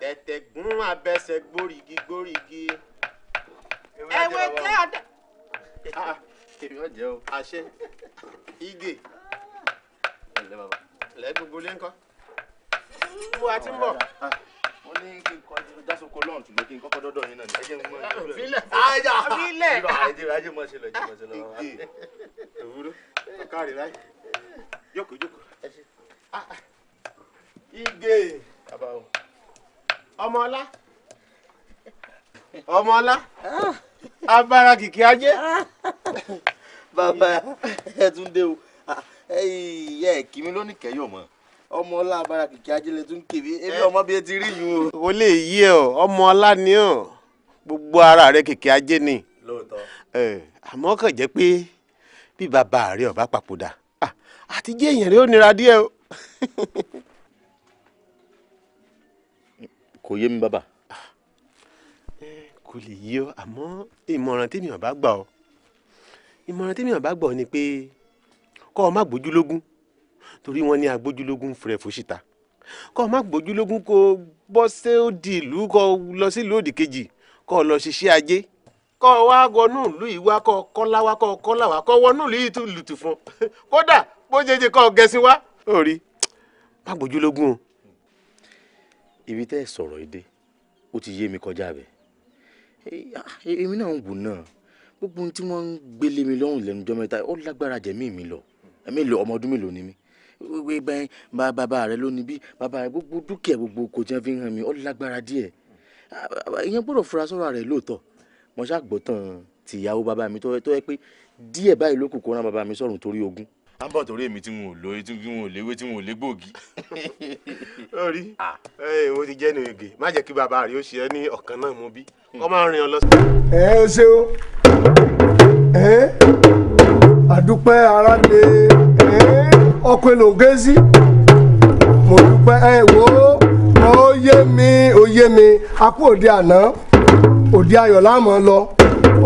tẹ̀tẹ̀ gún abẹ́sẹ̀ gbórígi gbórígi. ẹ̀wẹ̀ tẹ́ ọ̀dẹ. èmi ò jẹ́ o. àṣẹ igè lẹ́gbogbo lé ńkọ́ mo àti ń bọ̀. mo ní kí n kọ́ jásoko lọ́hùn ṣùgbọ́n kí n kọ́kọ́ dọ́dọ̀ yín náà ní ẹjẹ́ mọ́ ẹ fílẹ̀ fílẹ̀ ajé ajé mọ́ ṣe lọ jẹ́ mọ́ ṣe lọ. òwúrọ̀ ọ̀ká rẹ̀ láyé jókòó jókòó. Ah, ah. Igè ọmọọlá ọmọọlá abara kìkì ajé. bàbá ẹ tún dé o ah, ẹ kì mí lónìí kẹyọ mọ ọmọ ọlá abara kìkì ajílẹ tún kèwé ebi eh. ọmọ bíi ti rí yìí o. o lè yí ẹ ọ ọmọ ọlá ni ọ gbogbo ara rẹ kìkì ajé ni. lóòótọ́. Eh, àmọ́ kàn jẹ́ pé bí bàbá rẹ ọba papòdà àti jẹ́ èèyàn rẹ ó nira díẹ̀ o. kò yé mi bàbá. Ah, kò lè yí ọ àmọ́ ìmọ̀ràn tèmi ọba gbà ọ ìmọ̀ràn tèmi ọba gbà ọ ni pé kọ́ ọ má gbójú lógún torí wọ́n ní agbójúlógún fúrẹ́ fòṣìta kọ́ ọ má gbójúlógún kó bọ́ sódì ìlú kọ́ lọ sílùú òdì kejì kọ́ ọ lọ ṣiṣẹ́ ajé kọ́ ọ wá wọnú ìlú ìwá kọ́ ọ kọ́láwá kọ́ ọ kọ́láwá kọ́ ọ wọnú ìlú yìí tún lùtù fún kódà bó ṣe ṣe kọ́ ọ wá. ó rí má gbójúlógún o. ibi tẹ́ ẹ sọ̀rọ̀ èdè ó ti yé mi kọjá bẹ́ẹ̀ èmi náà ń wò náà gbogbo ohun tí wọ́n ń gbélé mi lọ́rùn lẹ́nu jọ́ ó lágbára jẹ̀mí mi lọ ẹ̀mí lọ ọmọ ọdún mélòó ni mi wíwé bàbá rẹ lónìí bí bàbá rẹ gbogbo dúkìá gbogbo kò jẹ́ fi hàn mí ó lágbára díẹ̀ ìyẹn gbọ́dọ̀ fura sọ́ra rẹ̀ lóòótọ́ mo ṣàgbọ́tàn tìyàwó bàbá mi tó yẹ pé díẹ̀ báyìí ló kù kó rán bàbá mi sọ̀rùn torí ogún à ń bọ̀ torí èmi tí wọn ò lóye tí wọn ò léwé tí wọn ò légbògi. lórí èwo ti jẹ́ nìyege má jẹ́ kí bàbá rẹ̀ ó ṣe ẹ́ ní ọ̀kan náà mú bí hmm. kọ́ máa rìn ọ lọ sí. ẹ ṣe ọkùnrin ògé sí mo dúpẹ́ ẹ wò ó yé mi ó yé mi apó òde àná òde ayọ̀ láàmú lọ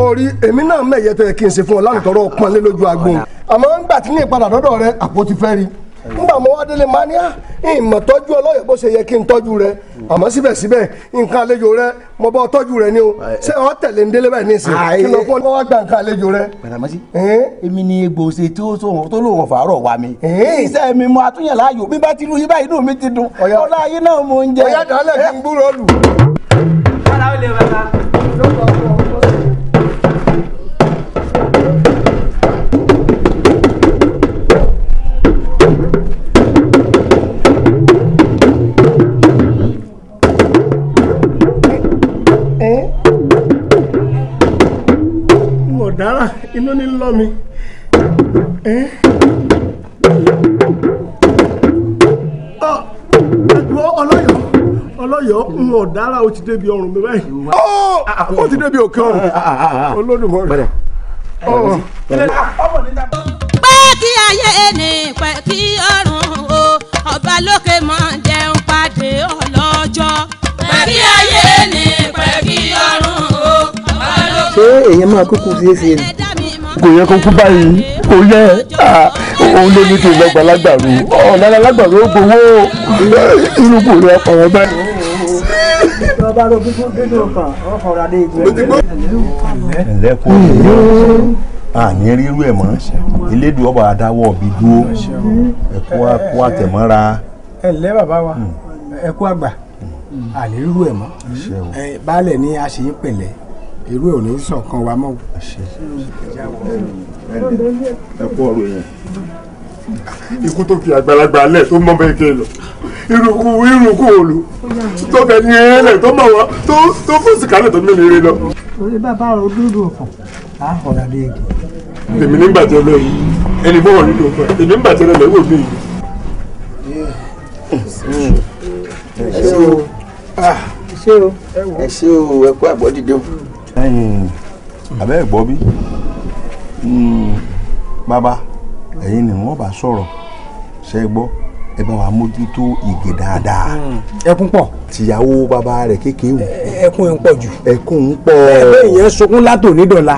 orí náà tó fún ọ lánàá tọrọ pọ́nlé lójú agbon àmọ́ ń gbà tí ní ìpadà rẹ àpótí nígbà mo wá délé máa ní à ah, ìmọ̀ tọ́jú ọlọ́yọ̀ bó ṣe yẹ kí n tọ́jú rẹ àmọ́ síbẹ̀síbẹ̀ nǹkan àlejò rẹ mo bá tọ́jú rẹ ni o ṣé ọ tẹ̀lé ń délé báyìí nísìn kí ló fún ọ wá gba nǹkan àlejò rẹ. bàdàmọ́sí èmi ni egbòse tí ó sọ̀rọ̀ tó lòun fàárọ̀ wa mi iṣẹ́ mi mo àtúnyẹ̀ láàyò bí bá ti lu yín inú mi ti dùn ọlá ayé náà mo ń jẹ. ọ̀yá dàálẹ̀ kí n gbúròó lù. bàdàmọ́sí dára inú ní lọ mi. ọlọ́yọ̀ ọlọ́yọ̀ ń wọ̀ dára ó ti débi ọrùn mi báyìí. ó ti débi òkè ọrùn olódùmọ̀rẹ́. pé kí ayé ẹni pẹ́ kí ọrùn o ọba lókè mọ̀ jẹun pàdé ọlọ́jọ́. pé kí ayé ẹni pẹ́ kí ọrùn èèyàn máa kúkú sí èsì rẹ̀. kò yẹ kó kú báyìí kò yẹ òun ló ní kí n lọ gba lágbàrú ọ̀nà lágbàrú ó gbowó inú kò rí ọkọ̀ rẹ báyìí. ìjọba ló fi kún dénú ọkàn ọkọ̀ rà dé ìgbẹ́. ẹ̀lẹ́ kò ní àní rírú ẹ̀ mọ́ elédùn ọba adáwọ̀ bí dúró ẹ̀kọ́ àtẹ̀mọ́ra. ẹ̀lẹ́ bàbá wa hmm. ẹ̀kọ́ àgbà hmm. àní rírú ẹ̀ mọ́ baálẹ̀ ni a ṣe ń pẹ̀lẹ́ irú ò ní sọ̀kan wa mọ́. ẹ kú ọ̀rọ̀ yẹn ikú tó fi àgbàlagbà lẹ̀ tó mọ́ bẹ́ẹ̀ kéèlò irukú irukú òlu tó bẹ ní ẹlẹ tó mọ̀ wọ́n tó tó fòsì tó mímì rí lọ. orí bàbá rẹ dúdú ọkàn á ọ̀rọ̀ adé igi. èmi nígbà tí ọlọ́run ẹni fọwọ́ nínú ọkọ èmi nígbà tí ọlọ́run ẹ̀wọ̀n mi yìí. ẹ ṣé o ẹ ṣé o ẹ kú àbọ̀dídé o. Hmm. abẹ́ ẹ̀gbọ́ bí hmm, bàbá ẹ̀yin ni wọ́n bá sọ̀rọ̀ ṣe gbọ́ ẹ bá wa mójútó ìgè dáadáa. Hmm. ẹkún pọ̀. tìyàwó bàbá rẹ̀ kékeré wù. ẹkún ẹ ń pọ̀ jù. ẹkún ń pọ̀. ẹgbẹ́ ìyẹn sunkún látò ní dọ̀la.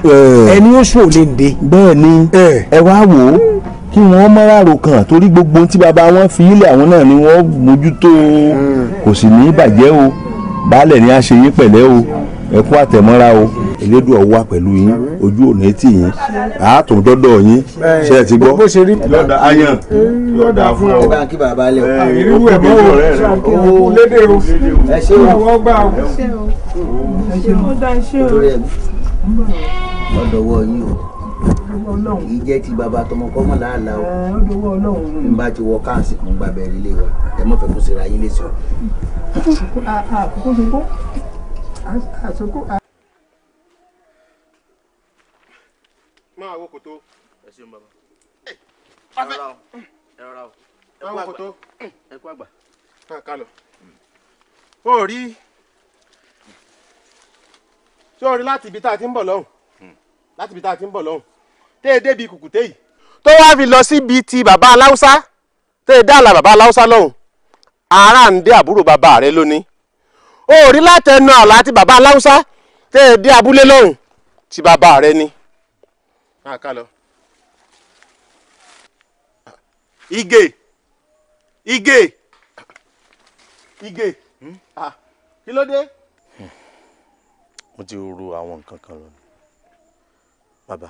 ẹni ó sùn lè dé. bẹ́ẹ̀ ni ẹ wá wò ó kí wọ́n mọ́ra rò kàn torí gbogbo ohun tí bàbá wọn fi ilé àwọn náà ni wọ́n mójútó kò sì ní í bàjẹ́ o. Mm baálẹ̀ ni a ṣe yín pẹ̀lẹ́ o ẹ àtẹ̀mọ́ra o elédùn ọwọ́ wa pẹ̀lú yín ojú òní tì yín àátùn dọ́dọ̀ yín ṣe ẹ ti gbọ́. bó ṣe rí yọ̀dà ayan yọ̀dà fún ọ. ẹ bá ń kí bàbá lẹ o. irú ẹ̀ mọ́ o owó lédè o ẹ ṣe o àwọn gbà o. ẹ ṣe o ẹ ṣe o. ọ̀dọ̀ wọ yín o. Ọlọ́run. kì í jẹ́ ti bàbá tọmọ kọ́ mọ́ làálàá o. ẹ ó dọwọ́ Ọlọ́run. n bá ti wọ káàsì kan gba abẹ́rẹ́ ilé wa ẹ mọ̀ fẹ́ kó sera yín lè sọ. àkókò ṣokó àṣokó. máa wo kòtó. ẹ ṣeun bàbá. ẹ rọra o ẹ rọra o. máa wo kòtó. ẹ kú àgbà. máa kà lọ. o rí sórí láti ibi tá a ti ń bọ̀ lọ́hùn hmm. láti ibi tá a ti ń bọ̀ lọ́hùn tẹ́ ẹ débi kùkùté yìí. tó wáá fi lọ síbi ti bàbá aláùsá tẹ́ ẹ dáàlà bàbá aláùsá lọ́hùn ara ń dé àbúrò bàbá rẹ lónìí ó rí látẹnu àlá àti bàbá aláùsá tẹ́ ẹ dé abúlé lọ́hùn ti bàbá rẹ ni. máa ká lọ. Hmm? kí ló dé. Hmm. mo ti ro àwọn nǹkan kan lọ bàbá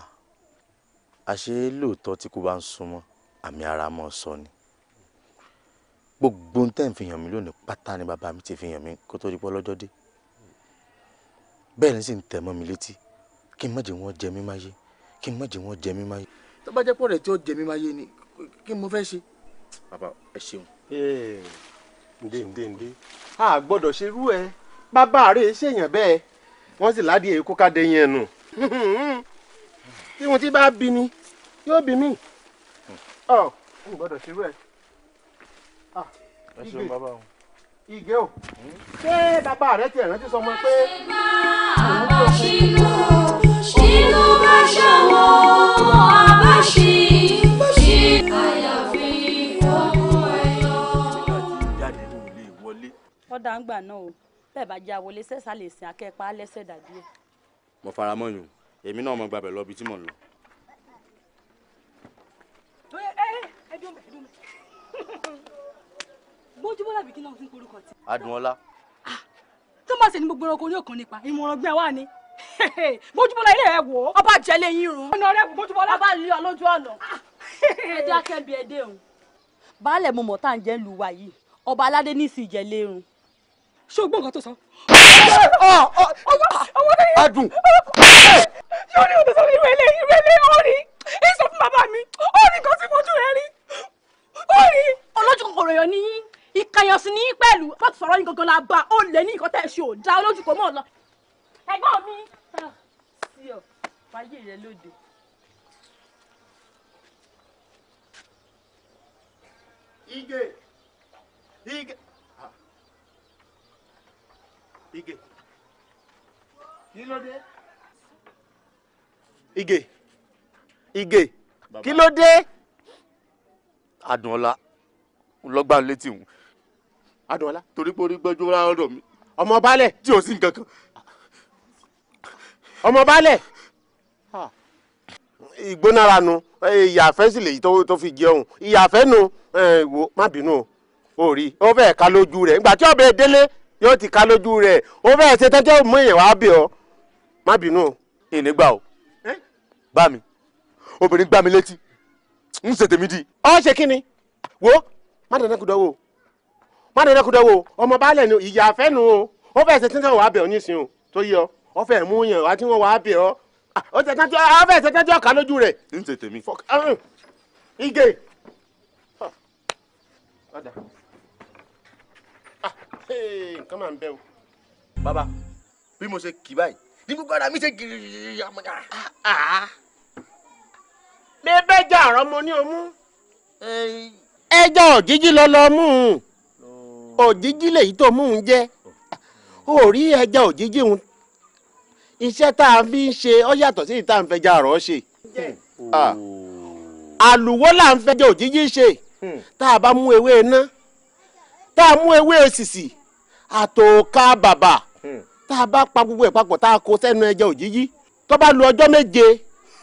àṣé lóòótọ́ tí kò bá ń súnmọ́ àmì ara mọ́ sọ ni gbogbo tẹ́ ń fi hàn mí lónìí pátá ni bàbá mi ti fi hàn mí kó tó di pọ́ lọ́jọ́ dé bẹ́ẹ̀ ni sì ń tẹ̀ mọ́ mi létí kí n má jẹ́ wọ́n jẹ mí máyé kí n má jẹ́ wọ́n jẹ mí máyé. tó bá jẹ́ pọ̀ rẹ̀ tí ó jẹ mí máyé ni kí mo fẹ́ ṣe. bàbá ẹ ṣeun. ǹdè ǹdè ǹdè a gbọ́dọ̀ ṣe ẹ bàbá rẹ̀ ṣèyàn bẹ́ẹ̀ wọ́n sì ládìí èyí kó ká dé yẹn tí wọ́n ti bá bí ni yóò bí mi. ọ hmm. oh, n gbọ́dọ̀ ṣerú ẹ. Ah, ẹ ṣeun bàbá o. ìgé o hmm? ṣé bàbá rẹ tiẹ̀ rántí sọ ma pé. ṣínú ṣínú bá ṣàwọn àbáṣí ṣí àyàfi ọkọ ẹyọ. ọ̀dà ń gbà náà o bẹ́ẹ̀ bá jẹ́ àwọlé sẹ́sà lè sin akẹ́pà lẹ́sẹ̀ dàbí ẹ̀. mo fara mọ́ yùn èmi náà mo gbàbẹ̀ lọ ibi tí mò ń lọ. dúró bẹ̀ dúró bẹ̀ gbójúbọ́ làbí kí náà ti ń porúkọ tí. Adùnọlá. Ah, tó máa ṣe ní gbogbo ọkọ orí òkun nípa ìmọ̀ràn gbẹ́ wà ni gbójúbọ́lá ilé ẹ wò ó. ọba jẹlé yín rún. ọ̀nà rẹ gbójúbọ́lá. ọba lè ọ lójú ọ̀nà. ẹdẹ ah. akẹ́bi ẹdẹ òun. baálẹ̀ mo mọ̀ tá à ń jẹ́ lu wa yìí ọba aládé ní ìsìn ìjẹ́lé rún. ṣé o gbọ́ nǹkan tó sọ. adùn. yóò ní òtún sọ irú ilé irú ilé ọ̀rí èso fún bàbá mi ó ní nǹkan sí fojú rẹ rí orí olójú kòkòrò yọ ní ìkàyàn sí ní pẹ̀lú wọ́n ti sọ̀rọ̀ yín gangan la bá ó lè ní ìkọ́tà ẹ̀ṣẹ̀ ò dá olójú kò mọ̀ lọ. ẹ̀gbọ́n mi sí ọ fàyè rẹ lóde. Ige Ige ah, Ige kí ló dé. Ige Ige kí ló dé. Adùnọlá lọ́gbà létí òun Adùnọlá torí pé orí gbọ́jú rárọ̀ mi. ọmọ balẹ̀ tí o sì ń kankan. ọmọ balẹ̀ ìgbónára nu ìyàfẹ́ sì lèyí tó fi jẹ òun ìyàfẹ́ nu wo má bínú o rí ó fẹ́ ká lójú rẹ̀ ìgbà tí ọbẹ̀ délé yóò ti ká lójú rẹ̀ ó fẹ́ ṣe tẹ́tẹ́ mú èèyàn wá bẹ̀ ọ́ má bínú o. ìnígbà o bá mi obìnrin gbá mi létí ń ṣe tèmi di. ọ ṣe kí ni wo má dáná kú dánwò má dáná kú dánwò ọmọ baálẹ̀ ni ìyá afẹ́ nu o ó fẹ́ ṣe tí wọ́n wàá bẹ̀ ọ́ nísìn o tó yẹ ọ ọ fẹ́ mú yàn wá tí wọ́n wàá bẹ̀ ọ́ ọ fẹ́ ṣe tẹ́tí ọ̀kan lójú rẹ̀. ń ṣe tèmi. ige. Ah, nǹkan máa ń bẹ o. bàbá bí mo ṣe kì báyìí ní gbogbo ara mi ṣe gírí àmọ́ bí bẹ́ẹ̀ jà àrọ́ mo ní omú ẹja òjijì lọ lọ mú un òjijì lèyí tó mú jẹ orí òjijì un iṣẹ́ fi ń ṣe ọ yàtọ̀ sí ìta àǹfẹ̀jà àrọ́ ṣe àlùwò là ń fẹjọ òjijì ṣe hmm. tá a bá mú ewé iná tá a mú ewé èsìsì àtòkà bàbà hmm. tá a bá pa gbogbo ẹ̀ papọ̀ tá a kó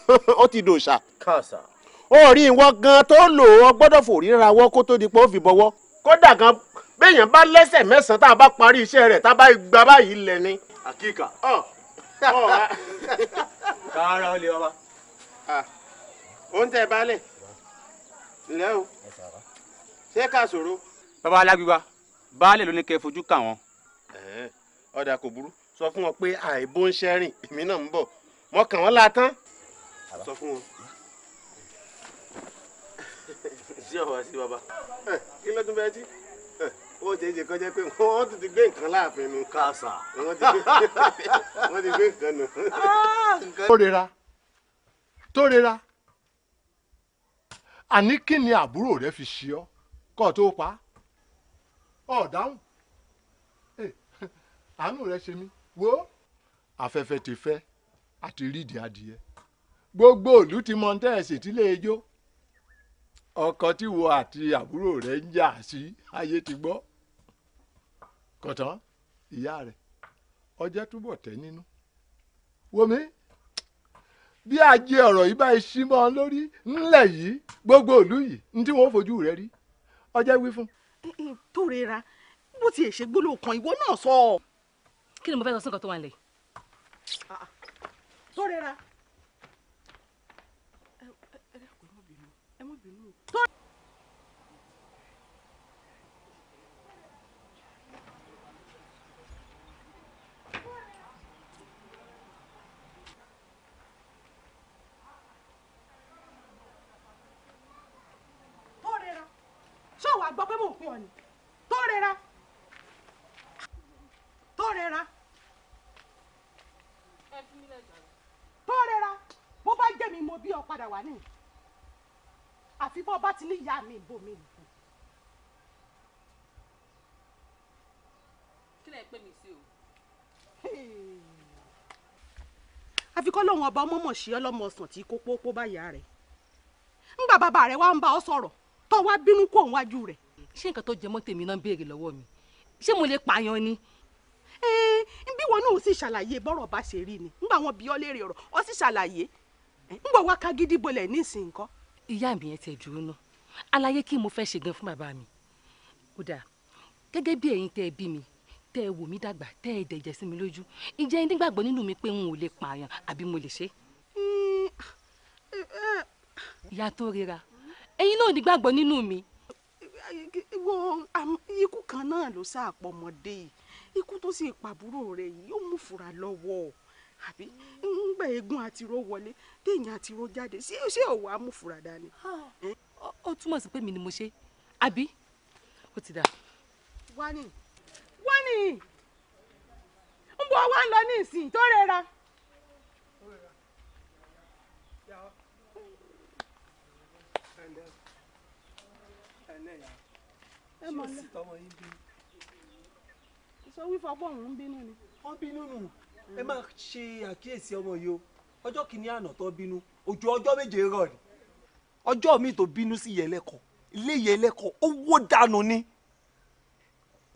ó ti dòṣà. kàṣà. orí ìwọ gan tó lò ó gbọ́dọ̀ fòríra wọ́ kó tó di pé ó fi bọ́wọ́. kódà gan béèyàn bá lẹ́sẹ̀ mẹ́sàn-án tá a bá parí iṣẹ́ rẹ̀ tá a bá gba báyìí lẹ̀ ni. àkíkà. kára ó lè wá. oúnjẹ balẹ̀ ǹlẹ́ o ṣé ká sọ̀rọ̀. bàbá alágbèbá baálé ló ní kẹ́ fojú kà wọ́n. ọ̀dà kò burú sọ fún wọn pé àìbó ń ṣẹ́rìn èmi náà ń bọ̀ mọ́kàn wọn la tán sọ fún wọn sí ọ̀wá sí baba kí ló tún bẹ́ẹ̀ tí ó ṣe é ṣe kọjá pé wọ́n ti ti gbé nǹkan láàfin nu káàsà wọ́n ti gbé nǹkan nu. tó rira tó rira àní kí ni àbúrò rẹ fi ṣe ọ kó o tó pa ọ dáhùn àánú rẹ ṣe mí wo afẹ́fẹ́ ti fẹ́ àti rídìí adìyẹ gbogbo ìlú ti mọ tẹ́ ẹ̀ sì ti lè jó ọkọ tí wo àti àbúrò rẹ̀ ń jà sí ayé ti gbọ́ kọ̀tán ìyá rẹ̀ ọjẹ́ túbọ̀ tẹ́ nínú wọmi bí ajé ọ̀rọ̀ yìí bá ṣí mọ́ ọ lórí ńlẹ̀ yìí gbogbo ìlú yìí ní tí wọ́n fojú rẹ̀ rí ọjẹ́ wí fún. tó rera bó ti ṣe gbólóhùn kan ìwọ náà sọ. kí ni mo fẹ́ sọ sí nǹkan tó wà nílẹ̀. Ah, ah. tó rera. padà wá nìyí àfi bọ́ bá ti ní ìyá mi ìbò mi nìkan. kí lẹ pè mí sí o. àfi kọ́ lóun ọba ọmọ mọ̀ṣẹ́ ọlọ́mọ ọ̀sán tí kó pópó báyà rẹ̀ ńgbà bàbá rẹ̀ wá ń bá ọ sọ̀rọ̀ tó wá bínú kó òun wájú rẹ̀. ṣé nǹkan tó jẹ mọ́ tèmi náà ń béèrè lọ́wọ́ mi ṣé mo lè pààyàn ni. Eh, bí wọn náà sì ṣàlàyé bọ́rọ̀ bá ṣe rí ni ńgbà wọn bí ọ léèrè ọ̀rọ̀ ọ sì ṣàlàyé ń bọ̀ wá ká gidi bolẹ̀ nísìnyí kọ́. ìyá mi ẹ tẹ dúró náà àlàyé kí mo fẹ́ ṣe gan fún bàbá mi ó dáa gẹ́gẹ́ bí ẹ̀yin tẹ́ ẹ bí mi tẹ́ ẹ wò mí dàgbà tẹ́ ẹ dẹ̀jẹ̀ sí mi lójú ìjẹ́ ẹni nígbàgbọ́ nínú mi pé n ò lè pààyàn àbí mo lè ṣe. ìyá tó rira ẹ̀yin náà nígbàgbọ́ nínú mi. wo ikú kan náà ló sáà pọ̀ ọmọdé yìí ikú tó sì pàbúrò rẹ̀ yìí ó mú fura lọ́wọ́ àbí ńgbà eégún àti ro wọlé téèyàn àti ro jáde ṣé ṣé òwò amúfura dání. ó túmọ̀ sí pé mi ni mo ṣe àbí ó ti dà. wani wani ń bọ wá ń lọ ní ìsìn tó rẹra. ẹ mọ̀ ní sọ wí fọpọ́ òun ń bínú ni. wọ́n bínú nù ẹ máa ṣe àkíyèsí ọmọ yìí o ọjọ́ kìíní àná tó bínú ojú ọjọ́ méje rọ̀ ni ọjọ́ mi tó bínú sí ìyá ẹlẹ́kọ̀ọ́ ilé ìyá ẹlẹ́kọ̀ọ́ ó wó dànù ni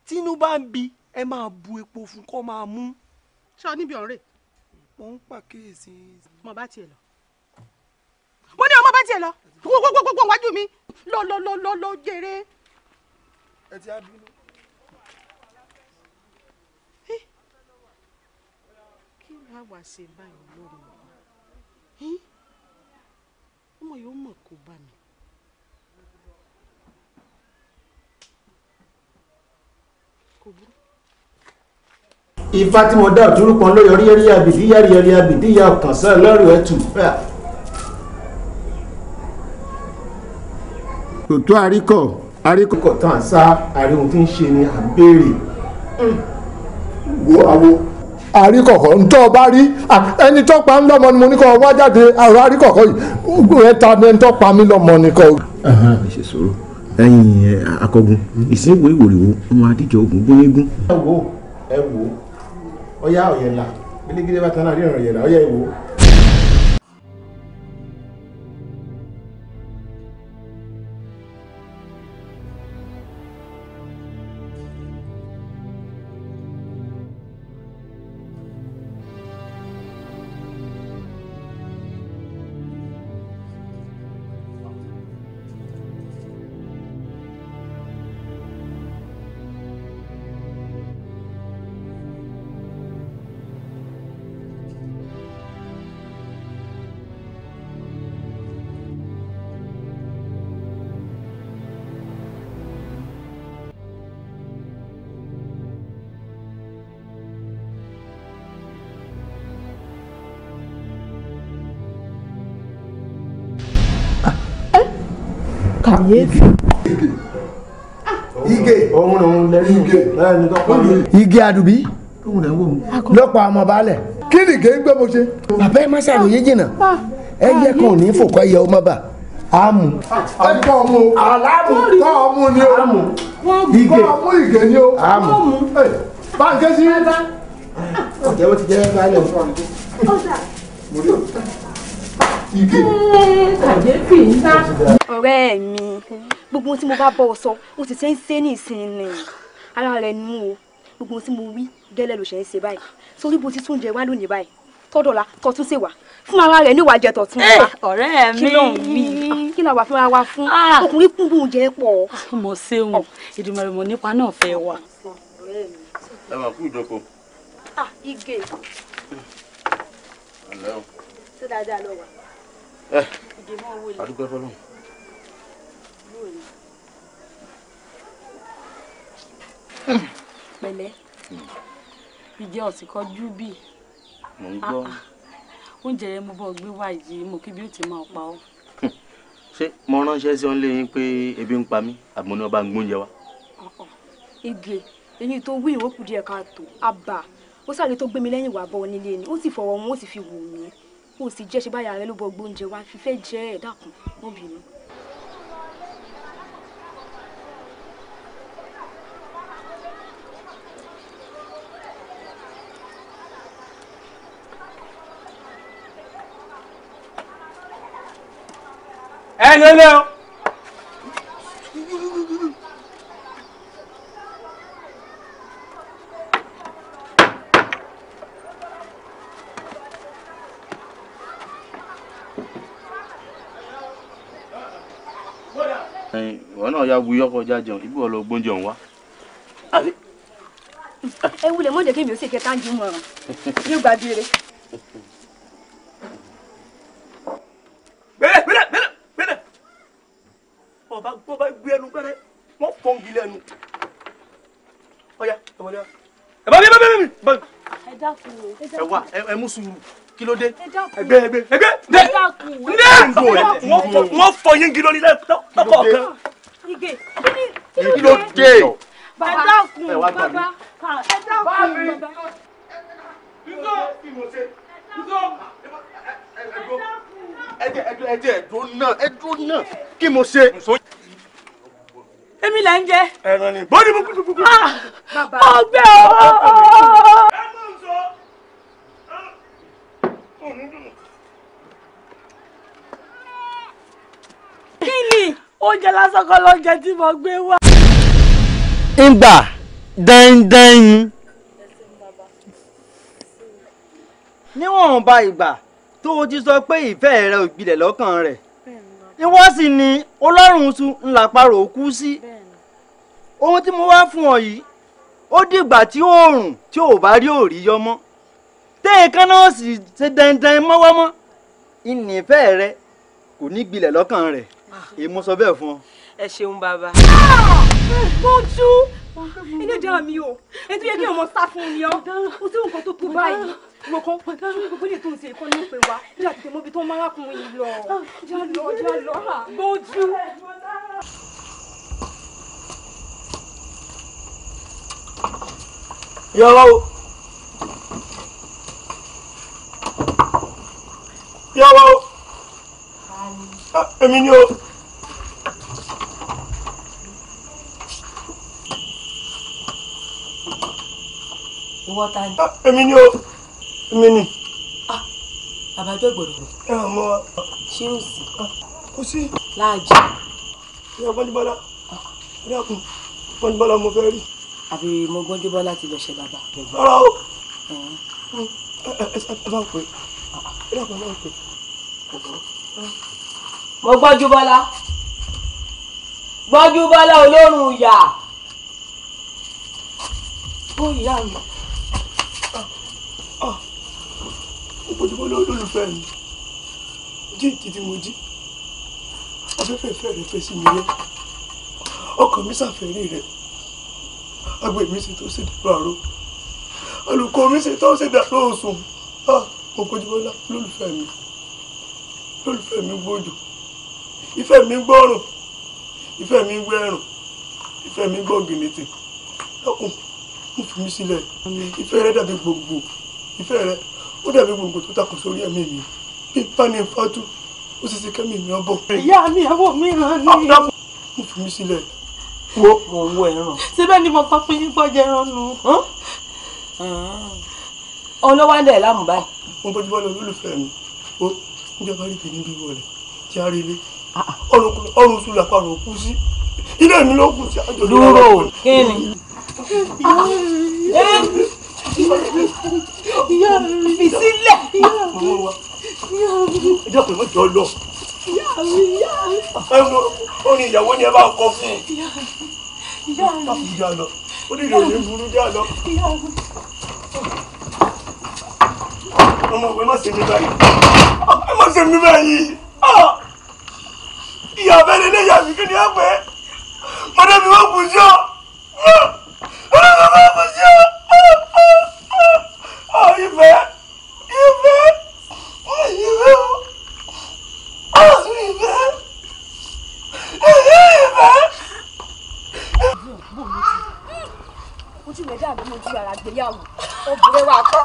tínú bá ń bi ẹ máa bu epo fún kó máa mú. ṣé o níbi ọ̀rẹ́. mo ń pàkíyèsí. mo bá tiẹ̀ lọ mo ní ọmọ bá tiẹ̀ lọ gbogbogbò wájú mi lọ lọ lọ lọ jèrè. ẹ ti á bínú. láwa ṣe báyìí lọ́rùn wa ọmọ yìí ó mọ̀ kó bá mi. ifá tí mo dá òtúrú kan ló yọrí yẹrí abìdí yẹrí yẹrí abìdí ya ọkàn sẹ lọrùn ẹ tù fẹ. tòótọ́ àríkọ̀ àríkọ̀ tàn sá àríhun tí ń ṣe ni à ń béèrè àríkọ̀kọ̀ ntọ́ bá rí ẹni tó pa ń lọ́mọ ni mo ní kọ́ wá jáde àrùn àríkọ̀kọ̀ yìí ẹ̀ta ni ẹni ṣe akọgun ìwòrìwò ọmọ adíjọ wo ẹ wo ọyá igé ige òun lòun lẹnu igé lẹnu tó pa mí. ige àdùbí lọ́pọ̀ àmọ́ balẹ̀ kí ni ìgé ń gbé mo ṣe. bàbá ẹ má ṣàròyé jìnnà ẹyẹ ah. kan ò ní fòkọ ẹyẹ ọmọ bà àmù. Ah. ẹkọ ọmú aláàmù kọ ọmú ni ó àmù ìgè kọ ọmú ìgè ni ó àmù báńkì sí. ọ̀jẹ̀ wo ti jẹ́ báyìí ọ̀fọ̀ mi ọ̀rẹ́ mi gbogbo tí mo bá bọ̀ sọ o sì ṣe ń ṣe ní ìsinmi ara rẹ̀ nù o gbogbo tí mo wí gẹ́lẹ́ ló ṣe ń ṣe báyìí sórí bó ti tún jẹ wá lónìí báyìí tọ́dọ̀la tọ́tún ṣèwà fún ara rẹ̀ níwà jẹ tọ̀tún wa. Eh, ọ̀rẹ́ mi kí ló ń wí ah, kí làwà fúnra wa fún ah. ọkùnrin kún bóun jẹ pọ̀. Ah, mo ṣeun ìdùnnú oh. mo nípa náà fẹ́ wà. ẹ máa kú ìjókòó. ah ige. ṣé dáadáa lọ wà ẹ àdúgbò ẹfọ lóhùn. pẹ̀lẹ́ ìjẹ ọsìn kan jú bí. mo ń gbọ́. Ah, ah. oúnjẹ rẹ mo bọ gbé wá yìí mo kí bí ó ti máa pa ọ. ṣé mo ránṣẹ́ sí ọ nílé yín pé ebi ń pa mí àbí ní ọba ń gbóúnjẹ wa. Ah, ege èyí tó wí ìwé kùdìẹ̀ káàtó àbà ó sáré tó gbé mi lẹ́yìn wà bọ́ nílé ni ó sì fọwọ́ wọn ó sì fi wù mí kò sì jẹ́ ṣe báyà rẹ ló bọ gbóúnjẹ wa fífẹ́ jẹ́ ẹ̀ dákun mọ́ bínú. ẹ lélẹ́ o. wuyọ́ kọjá jẹun ibi wọ́n lọ gbóúnjẹ òun wá. ẹ wulẹ̀ mọ́jẹ̀ kí mi ò sì kẹta ń ju mọ̀ràn yóò gba bèrè. bẹ́ẹ̀ bẹ́ẹ̀ bẹ́ẹ̀ bẹ́ẹ̀ ọba gbọ́ba gbé ẹnu pẹ́rẹ́ wọ́n fọ́n gilẹ̀ ẹnu ọ̀ya ẹ̀ wọlé wa ẹ bá mi ẹ bá mi ẹ bá mi. ẹ dákun o ẹ wá ẹ mú sùúrù ẹ dákun ẹgbẹ ẹgbẹ ẹgbẹ ndé ndé wọ́n fọ yín gidi lórí lẹ́ẹ̀kọ́ tọ́kọ̀ kan kí ló dé. bàbá dákun bàbá ẹ dákun bàbá. ìjọ ìmọ̀ọ́sẹ̀ ìjọ ẹjẹ ẹdùn náà ẹdùn náà kí mo ṣe. èmi là ń jẹ. ẹran ni bọ́ọ̀dì mú kúkúkú. ọgbẹ́ o. kí ni oúnjẹ lásán kọ́ lóúnjẹ tí mo gbé wá. ìgbà dẹ́ndẹ́yìn. níwọ̀nba ìgbà tó o ti sọ pé ìfẹ́ rẹ ò gbilẹ̀ lọ́kàn rẹ̀ ìwọ sì ni ọlọ́run sun ńláparò kú sí ohun tí mo wá fún ọ yìí ó dìgbà tí oòrùn tí ò bá rí òrí yọmọ téèkan náà sì ṣe dandan mọ́wọ́mọ́ ìnìfẹ́ rẹ kò ní gbilẹ̀ lọ́kàn rẹ̀ èmi sọ bẹ́ẹ̀ fún ọ. ẹ ṣeun bàbá. mo tú ilé ìdára mi o èyí yẹ kí ọmọ sá fún mi ọ mo sí nǹkan tó kú báyìí mo kàn fún gbogbo ilé tó ń ṣe ìkọ́ ní òpè wa ní àtìkè mọ́bi tó máa rákùnrin yìí lọ ah, já lọ já lọ mo tú. yọ̀rọ̀ èmi ni o. ìwọ ta ni. èmi ni o èmi ni. àbájọ gbọ́dọ̀. ẹ ò mọ. ṣé o sì. kò sí. láàjì. ìyá gbọ́njúbọ́lá ìyá kun gbọ́njúbọ́lá mo fẹ́ rí. àbí mo gbọ́njúbọ́lá ti lọ ṣe bàbá. ọ̀rọ̀ o ẹ bá ń pè é ẹ bá ń pè é mo gbọ́jú bọ́lá gbọ́jú bọ́lá olórùn ìyá ó ìyá mi ah, ah. mo gbọ́jú bọ́lá olólùfẹ́ mi jí ìkìtì mo jí afẹ́fẹ́ ìfẹ́ rẹ̀ fẹ́ sí mi rẹ́ ọkàn mi ṣàfẹ́rí rẹ̀ agbè mi ṣètò sí dàrú olùkọ́ mi ṣètò sí dàrú òsùn ah, mo gbọ́jú bọ́lá olólùfẹ́ mi olólùfẹ́ mi gbọ́jú ìfẹ́ mi gbọ́rùn ìfẹ́ mi gbẹ́rùn ìfẹ́ mi gbọ́gìnìtì lọ́kùn mo fi mí sílẹ̀ ìfẹ́ rẹ dàbí gbogbo ìfẹ́ rẹ ó dàbí gbogbo tó takò sórí ẹ̀mí mi bí pani fatu ó sì ti kẹ́mi mi ọbọ̀. ìyá mi ẹwọ mi ràn ní. Ah, mo fi mí sílẹ̀. wo owó ẹran. síbẹ̀ ni mo kọ́ pé jẹran nu. ọlọ́wọ́ ń dẹ̀ lámùbáyé. mo bójú bọ́lá olólùfẹ́ mi ó ń jẹ́ bá rí ibi níbí wọlé kí á ọrùn sùn làpá rò kú sí ilé mi ló kù sí àjọ ìlú rò. kíni. ìyá mi fi sílẹ̀. ìyá mi má jọ lọ. ó ní ìyàwó ni ẹ bá kọ fún un. ìyá mi ìyá mi. ó ní ìròyìn burú já lọ. ìyá mi ọmọ ìwé má ṣe mi báyìí ẹ má ṣe mi báyìí. Ah! ìyá abẹ́rẹ́ lẹ́yìn àṣìkí ni ẹ pé ọdẹ mi wọ́n kù sí ọ ọdẹ mi wọ́n kù sí ọ ìfẹ́ ìfẹ́ ìfẹ́ ọ ìfẹ́ ìfẹ́ ìfẹ́. ojú rẹ̀ dàbí mojú ara gbéyàwó obìnrin wa kọ́.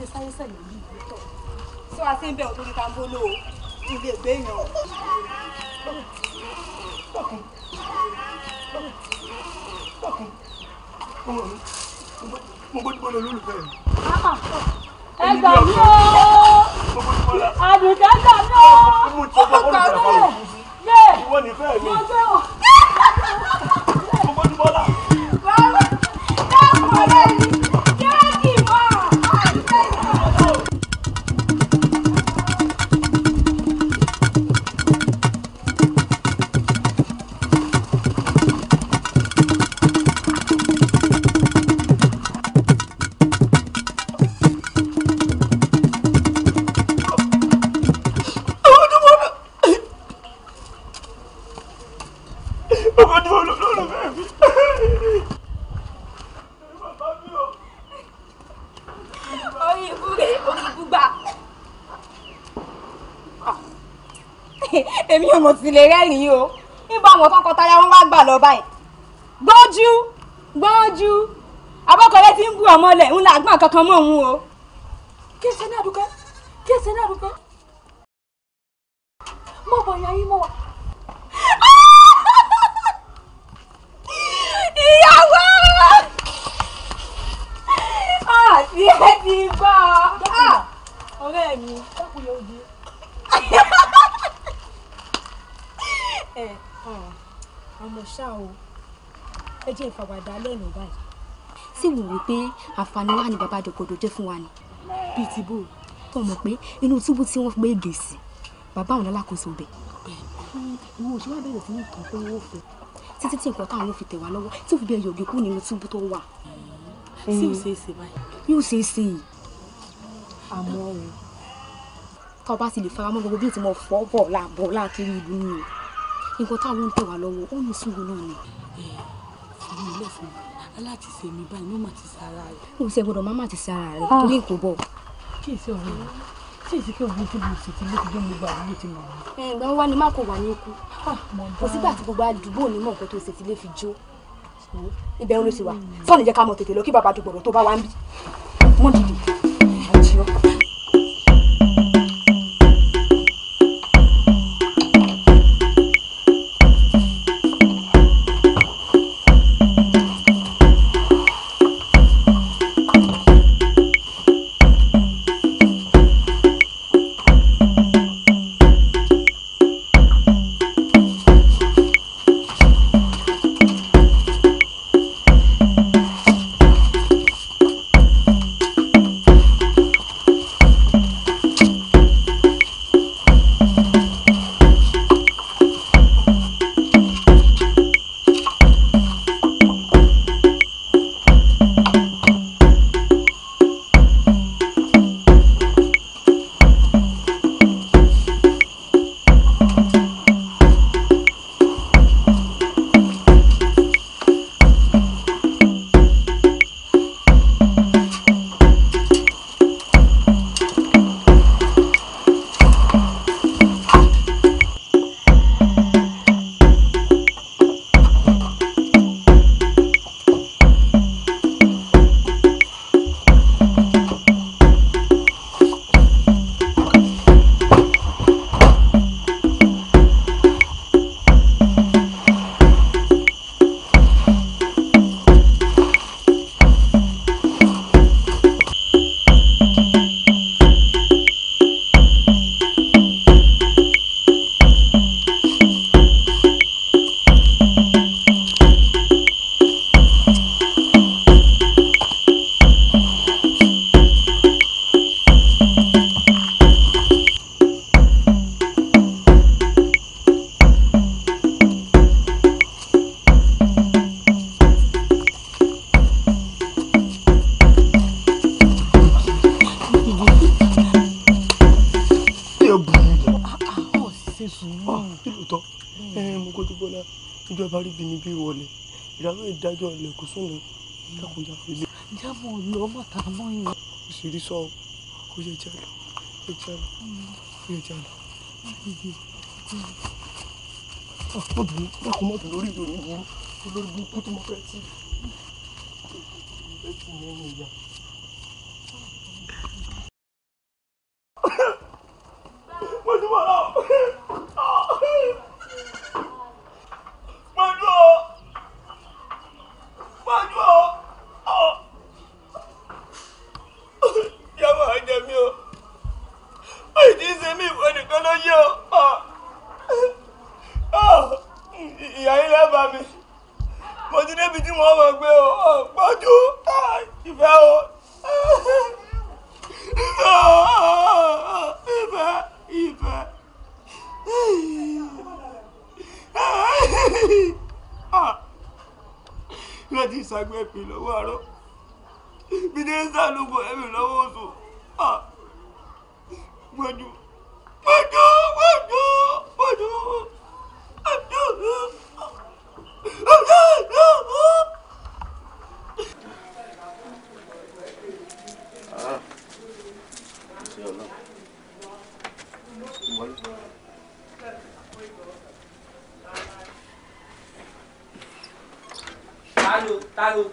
ṣe sáyé sẹ̀yìn yìí sọ wá sí ń bẹ̀ ọ́ lórí tambolo ilé ìgbé èèyàn mo gbódúgbò lọ lólùfẹ́ mi. Ah, ẹ gbà mí o àdùnkẹ́ gbà mí o ó gbà mí yé mo gbé mo ti lè rẹ́rìn-ín o níbo àwọn tọkọtaya wọn wá gbà lọ báyìí gbọ́njú gbọ́njú abọ́kọ̀lẹ́ ti ń bú ọmọ lẹ̀ ń làgbọ́n kankan mọ́ òun o. àwàdà lẹ́nu báyìí. sì wò wí pé àǹfààní wa ni bàbá àjọkọ̀dọ̀ jẹ́ fún wa ni bíi ti bò tó mọ̀ pé inú túbú tí wọ́n gbé gèsì bàbá àwọn alákòóso bẹ̀. ìwọ òṣèlú abẹ́rẹ́ sí ní nǹkan tó wọ́n fẹ́ títí tí nǹkan táwọn fi tẹ̀ wá lọ́wọ́ tí òfin bẹ́ẹ̀ yọ̀gẹ̀ kú nínú túbú tó wà. sí ò ṣeé ṣe báyìí. yóò ṣeé ṣe yìí. àmọ́ o. tá a bá sì lè faramọ́ gbogbo bí ìtìmọ̀ fọ́ bọ̀ láàbọ̀ láàkiri ìlú ni o nǹkan táwọn ń tẹ̀ wá lọ́wọ́ ó ní sùúrù náà yìí lẹ̀ fún mi aláàtìsí mi báyìí ló mà ti sára rẹ̀. ó ṣe gbọdọ̀ má má ti sára rẹ̀ ah. torí nǹkan bọ̀. kí èsì ọ̀rẹ́ rẹ̀ tí èsì kí òun tún lè sì ti lé ti dé gbogbo àdúgbò ti mọ̀. ẹ ǹgbà ń wá ni má kò wá ní ikú ah, kò sígbà tí gbogbo àdúgbò ní mọ̀ nǹkan tó ṣe ti lé fi jó ibẹ̀ ń lọ sí wa sọ́ọ̀nì jẹ́ ká mọ̀ tètè lọ kí bàbá àdúgbò rẹ̀ tó bá wá ń bí mọ́ dìde. sọ o ó yẹ jẹ́ lọ ó yẹ jẹ́ lọ ó yẹ jẹ́ lọ ah, mọ̀dùnú dákun mọ̀dùnú lórí ìlú yìí olórí burúkú tí mo fẹ́ sí ẹ ti mú ẹnu ìyá. Oh! ìyá máa jẹ mí o èyí tí ń ṣe mí ìwọ nìkan ló yé o ah. Ah. ìyá yín lábàá mi mo ti débi tí wọ́n mọ̀ pé o ah, gbọ́jú ìfẹ́ o ìfẹ́ ìfẹ́. Ah! láti ìsàgbẹ́ pè lọ́wọ́ àárọ̀ mínísítà ló bọ̀ ẹ̀mí lọ́wọ́ oṣù gbọ́dọ̀ gbọ́dọ̀ gbọ́dọ̀ gbọ́dọ̀ Talo, talo,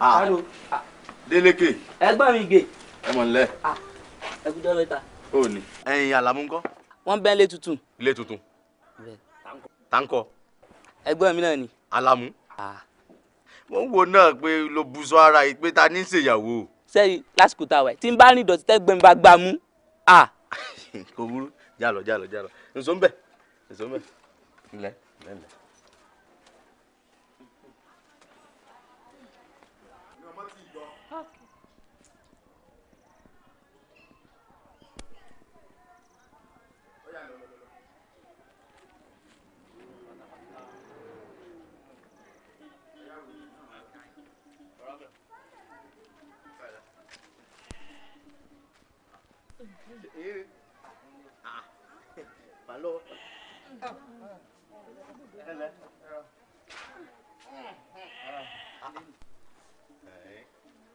ah. talo. Ah délékè. ẹ̀gbọ́n mi gè. Ah, ẹ mọ̀ nílẹ̀. ẹkújọ́ mẹ́ta. ó ní. ẹyin àlàmú ńkọ́. wọ́n bẹ́ ilé tuntun. ilé tuntun. táǹkọ. ẹ̀gbọ́n mi náà ni. àlàmú. wọ́n ah. wo náà pé ló bu sọ ara yìí pé ta ní ṣèyàwó. sẹ́yìn lásìkò tá a wà tí n bá rìn ìdọ̀tí tẹ́gbẹ́ mi bá gbà mú. Ah. kò burú jálọ jálọ jálọ nsọ́nbẹ̀ nsọ́nbẹ̀ ńlẹ̀ ńlẹ̀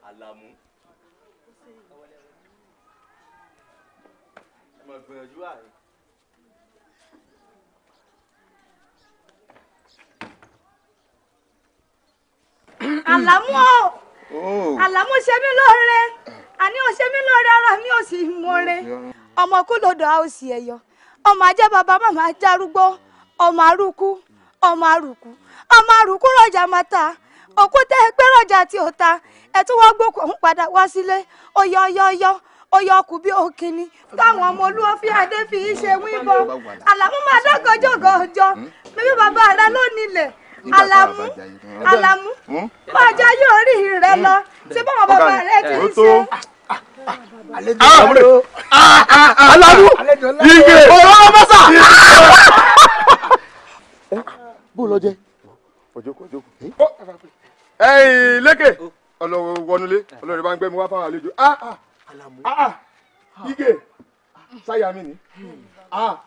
alamu mo gbìyànjú àyè. Alamu. o oh. Alamu. ṣe mí lóore àní ò ṣe mí lóore ara mi ò sì mọ̀ọ́re ọmọ kú lodò a ó sì ẹyọ. ọmọ ajá bàbá màmá ajá arúgbó ọmọ arúkú ọmọ arúkú ọmọ arúkú rọjà máa ta òkúta ẹgbẹ́ rọjà tí ò ta ẹtún wọ́n gbókò ń padà wá sílé ọyọ ọyọ ọyọ ọyọ ọkù bí òkìní táwọn ọmọ olúwo fi adé fi í ṣe wíńbọ àlàmú máa dákọjọ gọjọ bíbí bàbá rẹ ló nílẹ̀ àlàmú àlàmú máa hm? jẹ yóò rí rẹ lọ tí hm? báwọn bàbá rẹ ti ń ṣe. àlejò aladu ige ọ̀rọ̀ mọ́sà. bó lọ jẹ. ọjọkọ ọjọkọ. ẹyin lékè ọlọ́wọ́ wọnúlé eh. ọlọ́run bá ń gbẹ́mi wá fáwọn àlejò ah, ah, ah. ige sáyà mi ni. Hmm.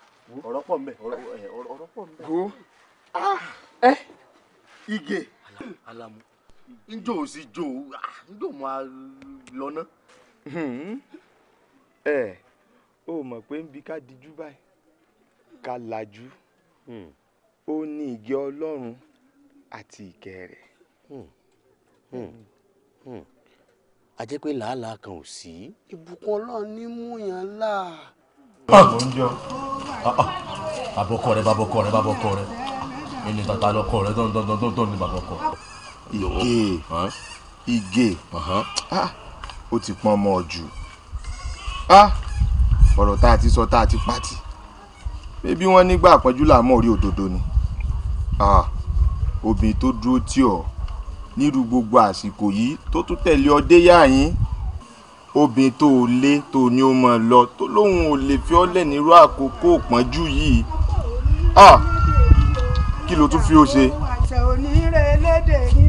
ọ̀rọ̀ pọ̀ mbẹ́ eh, ọ̀rọ̀ pọ̀ mbẹ́. ẹ ige. alamu njó o sì jó o njó o máa lọ náà. Hmm. ẹ ò mọ̀ pé ń bi ká dijú báyìí ká lajú hmm. ó ní ìgẹ́ ọlọ́run àti ìkẹ́ rẹ̀. Hmm. a jẹ́ pé làálàá kan ò sí. ìbùkún ọlọ́run ní mú yàn lá. mo ń jọ babọkọ rẹ babọkọ rẹ babọkọ rẹ ẹni tata lọkọ rẹ dọndọndọndọ ní babọkọ. ìgè ìgè ó ti pọn mọ́ ọ jù ah, ọ̀rọ̀ tá a ti sọ tá a ti pàtì pé bí wọ́n nígbà àpọ́njú làmọ́ rí òdodo ni ah, obìnrin tó dúró tì ọ́ nírú gbogbo àsìkò yìí tó tún tẹ̀lé ọ dé yá yín obìnrin tó o lé tó o ní o mọ̀ lọ tó lóun ò lè fi ọ́ lẹ̀ nírú àkókò òpọ́njú yìí ah, kí ló tún fi ó ṣe. àṣà onírè lédè ní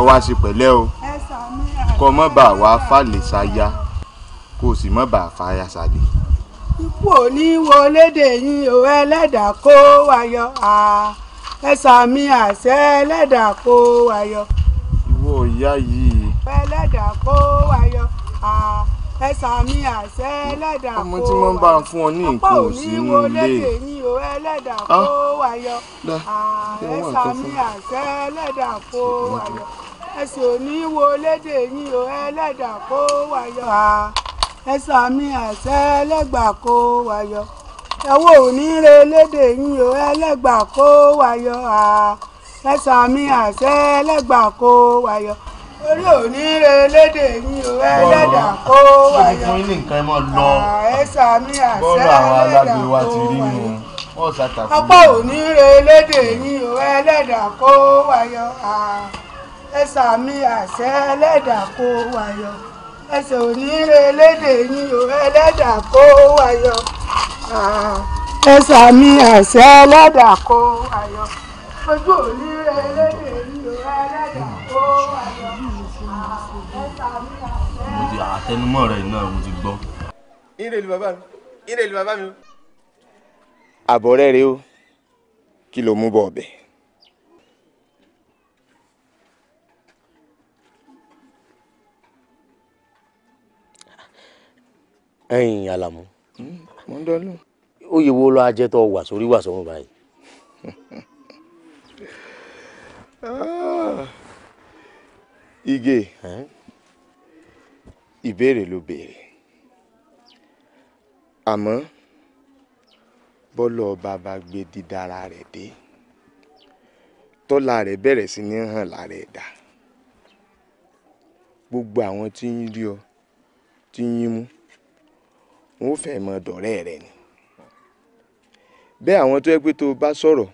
ọ wá sí pẹ̀lẹ́ o kọ́ mọ́ bá wa fàlẹ̀ ṣáyà kó o sì mọ́ bá fàyà ṣàlẹ̀. ipò ní wọlédè yín o ẹlẹ́dàá kó wáyọ ẹ sàmì àṣẹ ẹlẹ́dàá kó wáyọ. ìwọ ìyá yìí. ẹlẹ́dàá kó wáyọ ẹ sàmì àṣẹ ẹlẹ́dàá kó wáyọ. ọmọ tí wọ́n bá fún ọ ní nǹkan ò sí ilé. ẹlẹ́dàá kó ah, wáyọ ẹ sàmì àṣẹ ẹlẹ́dàá kó wáyọ ẹsẹ̀ òní wo lédè yín o ẹlẹ́dà kó wáyọ̀ ha ẹsà mi àṣẹ ẹlẹ́gbà kó wáyọ̀ ẹwọ́ òní re lédè yín o ẹlẹ́gbà kó wáyọ̀ ha ẹsà mi àṣẹ ẹlẹ́gbà kó wáyọ̀ orí òní re lédè yín o ẹlẹ́dà kó wáyọ̀ ha ẹsà mi àṣẹ ẹlẹ́gbà kó wáyọ̀ ọ̀pá òní re lédè yín o ẹlẹ́dà kó wáyọ̀ ha ẹsẹ̀ àmì àṣẹ ẹlẹ́dà kó wáyọ̀ ẹsẹ̀ òníire elédè yín o ẹlẹ́dà kó wáyọ̀ ah, ẹsẹ̀ àmì àṣẹ ẹlẹ́dà kó wáyọ̀ ojú òníire elédè ni o ẹlẹ́dà kó wáyọ̀ ah, ẹsẹ̀ àmì àṣẹ. mo ti àtẹnumọ́ rẹ̀ náà mo ti gbọ́. ire ìlú bàbá mi ire ìlú bàbá mi. àbọ̀rẹ́ rẹ o kí ló mú bọ̀ ọ̀bẹ. ẹ̀yin alamu. Hmm, mo ń dọ́lù. oyè wo ló ajẹ́ tó wà sórí wà sọ́run báyìí. Ah, Ige ìbéèrè ló béèrè àmọ́ bọ́lọ̀ bàbá gbé dídára rẹ̀ dé tọ́lá rẹ̀ bẹ̀rẹ̀ sí ní hàn lára ẹ̀dá gbogbo àwọn tí ń rí ọ tí ń yín mú wọn ò fẹ́ mọ dọ̀rẹ́ rẹ ni bẹ́ẹ̀ àwọn tó yẹ pé tó o bá sọ̀rọ̀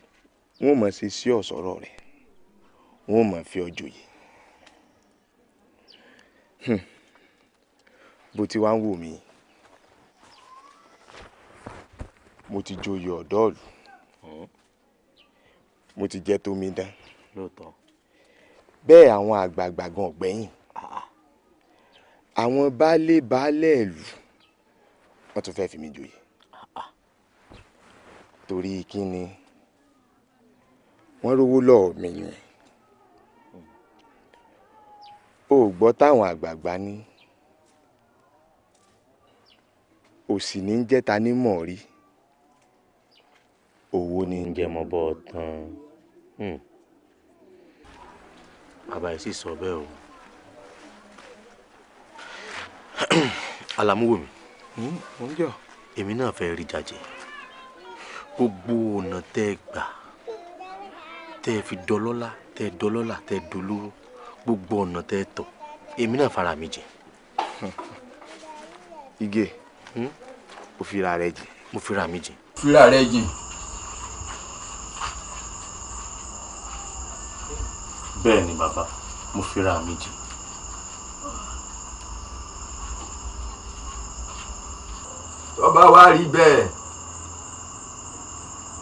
wọn ò mọ̀ ṣe sí ọ̀sọ̀rọ̀ rẹ wọn ò mọ̀ fi ọjọ́ yìí hmm. bó ti wá ń wò mí mo ti joyè ọ̀dọ́ọ̀lù hmm. mo ti jẹ́ tómi dán bẹ́ẹ̀ àwọn àgbààgbà gan ọ̀gbẹ́yìn ah, ah. àwọn baálé baálé ìlú wọ́n tún fẹ́ fi mí joyè torí kí ni wọ́n rówó lọ́ọ̀ mi yẹn o gbọ́ táwọn àgbààgbà ní òsì ní ń jẹ́ta ní mọ̀ọ́rí owó ní ń jẹ́ mọ́ bọ́ tán hmm. bàbá yìí sì sọ bẹ́ẹ̀ o àlàmúwò mi mò ń jọ. èmi náà fẹ́ rí jàjẹ́ gbogbo ọ̀nà tẹ́ ẹ gbà tẹ́ ẹ fi dọlọ́lá tẹ́ ẹ dọlọ́lá tẹ́ ẹ dolówó gbogbo ọ̀nà tẹ́ ẹ tọ̀ èmi náà fara mi jẹ. Ige hmm? o fira rẹ jìn. mo fira mi jìn. fira rẹ jìn. bẹ́ẹ̀ ni mo fira mi jìn. bá wá rí bẹ́ẹ̀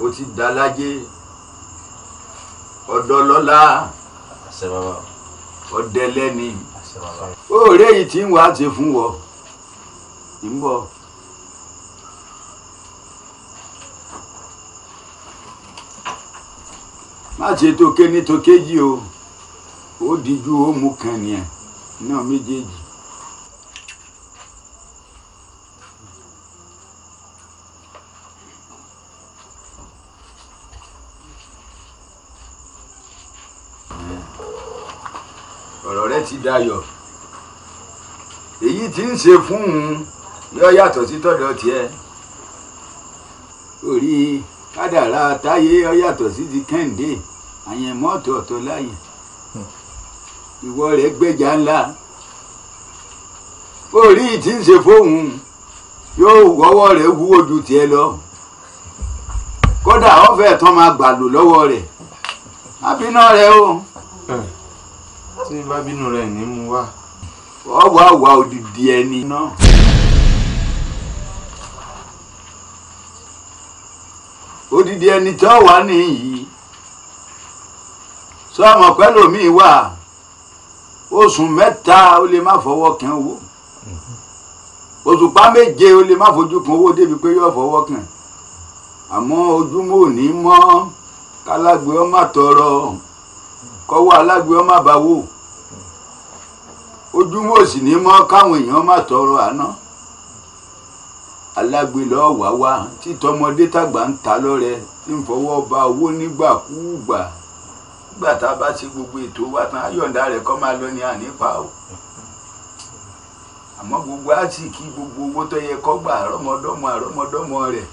ó ti dá lájé ọ̀dọ́ lọ́la ọ̀dẹ lẹ́ni òòrè yìí tí ń wá ti fún wọ ń bọ̀. má ṣe tókè ní tókè yìí o ó díjú ó mú kàn ní ẹ̀ náà méjèèjì. Dayọ̀ èyí tí ń ṣe fún un yọ yàtọ̀ sí tọ̀dọ̀ tiẹ̀ orí kádàrá táyé yọ yàtọ̀ sí ti kẹ́hìndé àyẹ̀mọ́ ọ̀tọ̀ọ̀tọ̀ láyè ìwọ rẹ̀ gbẹ́jà ńlá orí tí ń ṣe fóun yóò wọ́wọ́ rẹ̀ wúwo ju tiẹ̀ lọ kódà ọ̀fẹ́ tán máa gbàlù lọ́wọ́ rẹ̀ àbínú rẹ̀ o tí bá bínú rẹ̀ ní mú wá. ọwọ́ àwa òdìdí ẹni náà. òdìdí ẹni tó wà nìyí sọ ọmọ pẹ́lú mi wà oṣù mẹ́ta o lè má fọwọ́ kàn owó òṣùpá méje o lè má fojú kan owó débi pé yóò fọwọ́ kàn àmọ́ ojúmọ́ ò ní mọ́ kálágbé ọmọ àtọrọ kọ́wọ́ alágbé ọmọ àbáwò. ojúmọ́ òsì ní mọ́ káwọn èèyàn má tọrọ àná alágbèlọ́ wà wá títọmọdé tàgbà ń ta lọ́rẹ tí ń fọwọ́ ba owó nígbàkúùgbà nígbà tá a bá ṣe gbogbo ètò wa tán ayọ̀ǹda rẹ̀ kọ́ máa lọ ní ànípa o àmọ́ gbogbo gbogbo owó tó yẹ kọ́ gbà àrọ́mọdọ́mọ àrọ́mọdọ́mọ rẹ̀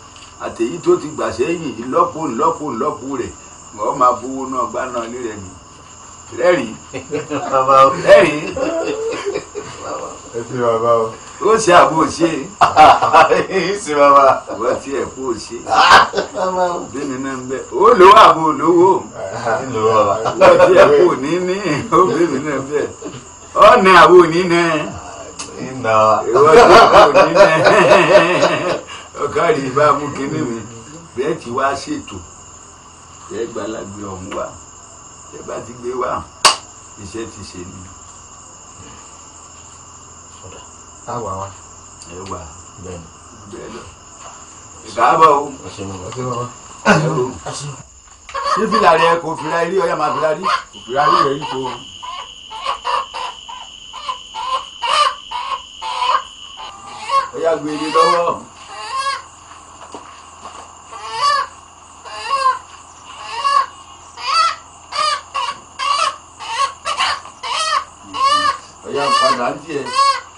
tó ti gbà sẹ́yìn rẹ̀ wọ́n máa náà gbá lẹ́rìí bàbá o lẹ́rìí ẹ fi bàbá o. ó ṣe àbò ṣe ṣe bàbá àbá tí ẹ kú ṣe bẹ́ẹ̀ni náà ń bẹ ó lówó àbò lówó lọ́wọ́ tí ẹ kú ní ní ó bẹ́ẹ̀ni náà bẹ ọ́ ní àbò ní náà ìnà ìwọ tí ẹ kú ní náà ọ̀kárí ìbámu kínní mi bẹ́ẹ̀ ti wá ṣètò ẹ gbalagbé ọ̀hún wa tẹ bá ti gbé wá iṣẹ́ ti ṣe ni. àwa wa. ẹ wà bẹ́ẹ̀ lọ. ìkàbọ̀ o. ní fìlà rẹ kò fìlà rí ọyà máa fìlà rí kò fìlà rí rẹ yìí kò. ọyà gbèrè lọ́wọ́. aláàjì ẹ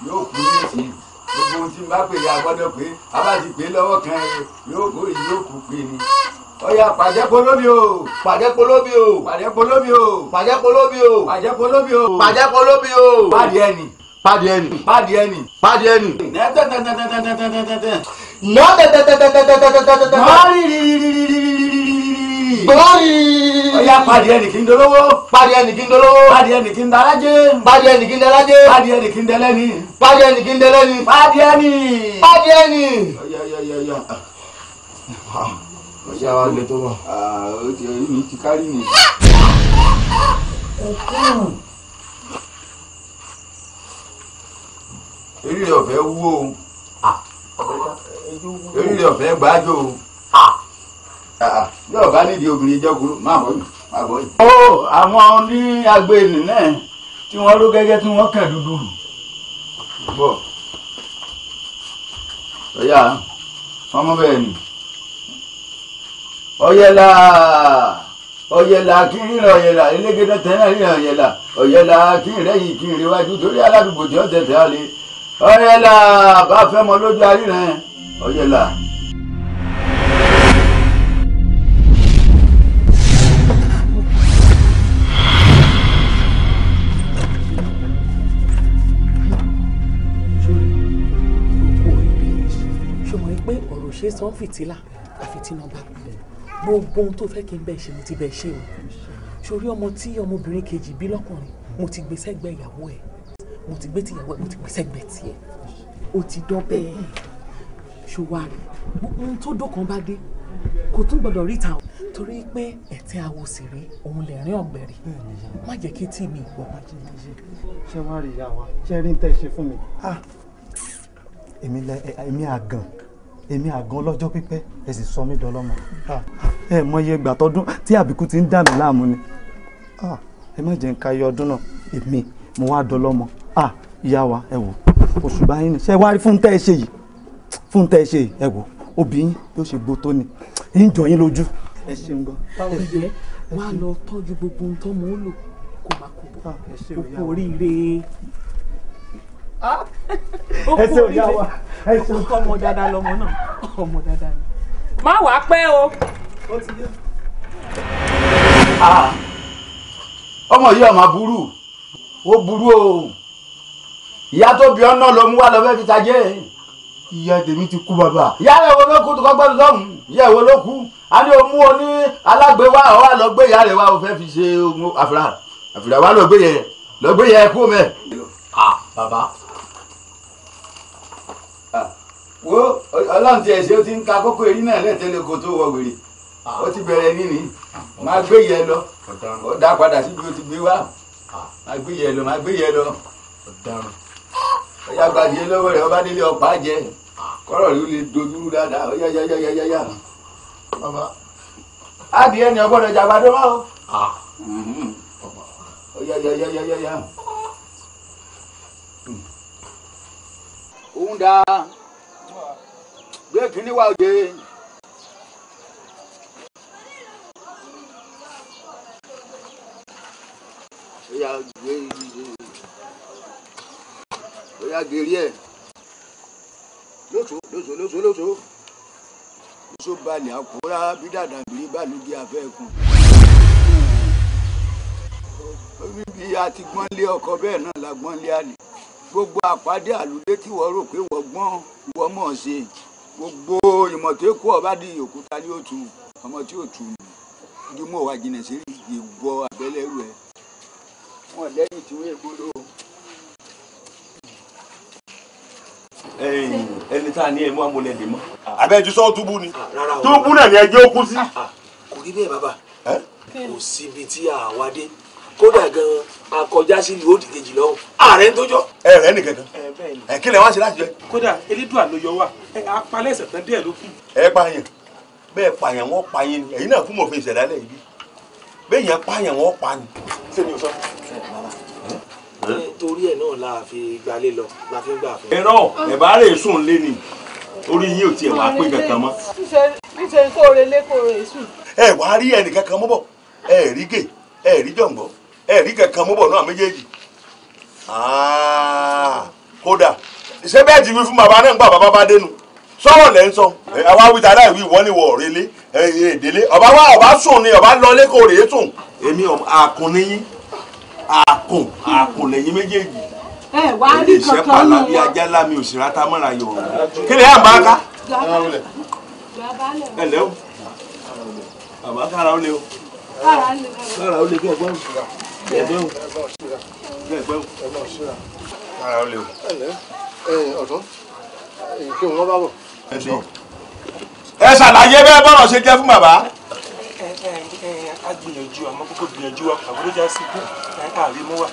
yóò kú ní èsì gbogbo ohun tí n bá pè é agbọ́dọ̀ pé a bá ti pè é lọ́wọ́ kan ẹ yóò kó èyí yóò kú pé ni. ọyà pàjẹ́ polóbi o. pàjẹ́ polóbi o. pàjẹ́ polóbi o. pàjẹ́ polóbi o. pàjẹ́ polóbi o. pàjẹ́ polóbi o. pàdé ẹni. pàdé ẹni. pàdé ẹni. pàdé ẹni. nẹ́tẹ̀tẹ̀tẹ̀tẹ̀tẹ̀tẹ̀tẹ̀ gbọ́rì. ọ̀yà pàdé ẹnì kí n dolówó. pàdé ẹnì kí n dolówó. pàdé ẹnì kí n dalájé. pàdé ẹnì kí n dalájé. pàdé ẹnì kí n dẹlẹ́ni. pàdé ẹnì kí n dẹlẹ́ni. pàdé ẹnì. pàdé ẹnì. ọ̀yà ọ̀yà ọ̀yà ọ̀yà ọ̀yà wa lè tó wà. Ah, ó ti ẹ̀rí mi ti kárí mi. eré ọ̀fẹ́ wú o ah. eré ọ̀fẹ́ gbájú o. Ah. Ah, yóò bá nídìí obìnrin jọkúrú máa bọ̀ yìí máa bọ̀ yìí. ó àwọn ní agbẹ́ni náà tí wọ́n ró gẹ́gẹ́ tí wọ́n kàn dúdú rù. bọ̀ ọ̀yà ọmọ bẹ́ẹ̀ ni ọ̀yẹ̀là ọ̀yẹ̀là kí n rìn ọ̀yẹ̀là elégédé tẹ̀ náà rìn ọ̀yẹ̀là ọ̀yẹ̀là kí n rẹ̀ yìí kí n rìn wájú torí aládùúgbò tí wọ́n tẹ̀ tẹ̀ á lé ọ̀yẹ̀là bá fẹ́ mọ lójú aríran ọ̀yẹ̀là. ṣe sọ fìtílà àfitínàbà gbogbo ohun tó fẹ́ kí n bẹ́ẹ̀ ṣe mo ti bẹ́ẹ̀ ṣe o sórí ọmọ tí ọmọbìnrin kejì bí lọ́kùnrin mo ti gbé sẹ́gbẹ́ ìyàwó ẹ̀ mo ti gbé tìyàwó ẹ̀ mo ti gbé sẹ́gbẹ́ tiẹ̀ o ti dán bẹ́ẹ̀ ṣùwárì ohun tó dọ̀kan bá dé kò tún gbọ́dọ̀ ríta o torí pé ẹ̀tẹ́ awòsèré òun lè rín ọ̀gbẹ̀rì má jẹ́ kí tí mi gbọ́. ṣé wàá rí ìyá wa ṣé rí ń tẹ́ ṣe fún mi. Ah! èmi àgàn èmi àgàn ọlọ́jọ́ pípẹ́ ẹ sì sọ mí dọlọ́mọ ẹ mọyì ẹgbà tọdún tí àbíkú ti ń dà mí láàmú ni ẹ má jẹ́ ń ka iye ọdún náà èmi mo wá dọlọ́mọ ìyá wa ẹ wò oṣù báyìí ni ṣe wá rí fún tẹ́ ẹ ṣe yìí fún tẹ́ ẹ ṣe yìí ẹ wò obìnrin yóò ṣe gbó tó ni ń jọ yín lójú. ẹ ṣeun gan. ọ̀yẹ́ wàá lọ tọ́jú gbogbo ohun tó mò ń lò kó má kó bọ̀ kó oríire. Ah. ẹ ṣe òyà wa ẹ ṣe òkú ọmọ dáadáa lọmọ náà ọmọ dáadáa ni. má wàá pẹ́ o. Ah. ọmọ yìí ọmọ burú ó burú o ìyá tó bí ọ́nà ló mú wá lọ́fẹ́ fi tajẹ́ ìyá tèmi ti kú bàbá ìyá rẹ̀ wo ló kú tó kọ́gbẹ́ lọ́hùn ìyá ìwo ló kú a ní o mú o ní alágbèéwá ọ̀ wá lọ ìyá rẹ̀ wá o fẹ́ fi ṣe àfìrà àfìrà wá lọ yẹ lọ yẹ kú mẹ́. Ah, bàbá wo ọlọ́run ti ẹ̀sìn ó ti ń ka kókó erí náà lẹ́tẹ̀lẹ́ ko tó wọ wèrè ah. ó ti bẹ̀rẹ̀ nínú máa gbé yẹ lọ ó dá padà síbi ó ti gbé wá ah. máa gbé yẹ lọ máa gbé yẹ lọ ọyá gbàdìyẹ lọ́wọ́ rẹ̀ ọba délé ọ̀pá jẹ ah. kọ́rọ̀ ló lè dojúrú dáadáa ọyá yá yá yá yá adìyẹ ni ọgbọ́dọ̀ jàgbádọ́ wá o ọyá yá yá yá yá yá. òun dáa gbé kínní wá òde. bóyá gbé bóyá gèrí ẹ lóso lóso lóso lóso lóso balẹ̀ àkúrá bí dàdà gbèrè balùwẹ̀ afẹ́ kùn bí a ti gbọ́n lé ọkọ bẹ́ẹ̀ náà la gbọ́n lé àlè gbogbo àpàdé àlùdé tí wọ́n rò pé wọ́n gbọ́n wọ́n mọ̀ ọ́n gbogbo ìmọ̀tẹ́ kú ọba di òkúta ní òtù ọmọ tí òtù ní mọ̀ wá jìnnà sí ìbọ abẹ́lẹ́rù ẹ̀ wọ́n lẹ́yìn tí wọ́n ègbodò. ẹni tá a ní ẹmú amúlẹ̀ lè mọ́. abẹ́jú sọ́ọ́ túbú ni ah, túbú náà ni ẹjẹ́ ó kú sí. Ah, ah, kò rí bẹ́ẹ̀ bàbá kò síbi tí àwa dé kódà gan akọjá sí ìlú òdì kejì lọ́hùn ààrẹ ń tójọ́. ẹ rẹ nìkan kan ẹ kí lè wá sí láti jẹ. kódà elédùn àlóyọ wà ẹ apalẹ ẹsẹ tán díẹ̀ ló kù. ẹ pààyàn bẹ́ẹ̀ pààyàn wọn pààyàn ni ẹ̀yin náà kú mọfin ìṣẹ̀lẹ̀ alẹ yìí bẹ́ẹ̀ yẹn pààyàn wọn pa ni. sẹni o sọ. torí ẹ náà la fi gbalé lọ la fi gbà fún. ẹ̀rọ ẹ̀bá rẹ̀ sùn lé ni orí yín ò tiẹ̀ wá pé kankan mọ́. níṣẹ́ kóore lé kóore sùn. ẹ wàá rí ẹnì kankan mọ́ bọ̀ ẹ rí gè ẹ̀rí kankan mú bọ̀ náà méjèèjì ah, kódà ṣé bẹ́ẹ̀ ti wí fún bàbá náà ń gbà bàbá bá dénú sọ́wọ́ lẹ́ ń sọ àwa wíta dáì wí ìwọ́n ni wọ̀ rélé èdèlé ọba wa ọba sùn ni ọba lọlé kò rèé sùn èmi àkùn níyín àkùn àkùn lẹ́yìn méjèèjì iṣẹ́ pàlà bí ajá lámì òṣèré atámọ́ra yòòrò kí ni àbá ká ẹ lẹ́wọ̀ àbá kára ó lé o kára ó lé kí ẹ gbọ́ òṣèré gbẹgbẹ o gbẹgbẹ o ara ó lè o. ọ̀tún kí wọ́n bá bọ̀. ẹ ṣàlàyé bẹ́ẹ̀ bọ́rọ̀ ṣe jẹ́ fún bàbá. a gbìyànjú àmọ́ kókó gbìyànjú wa àbúrò já sí pé ká rí mú wa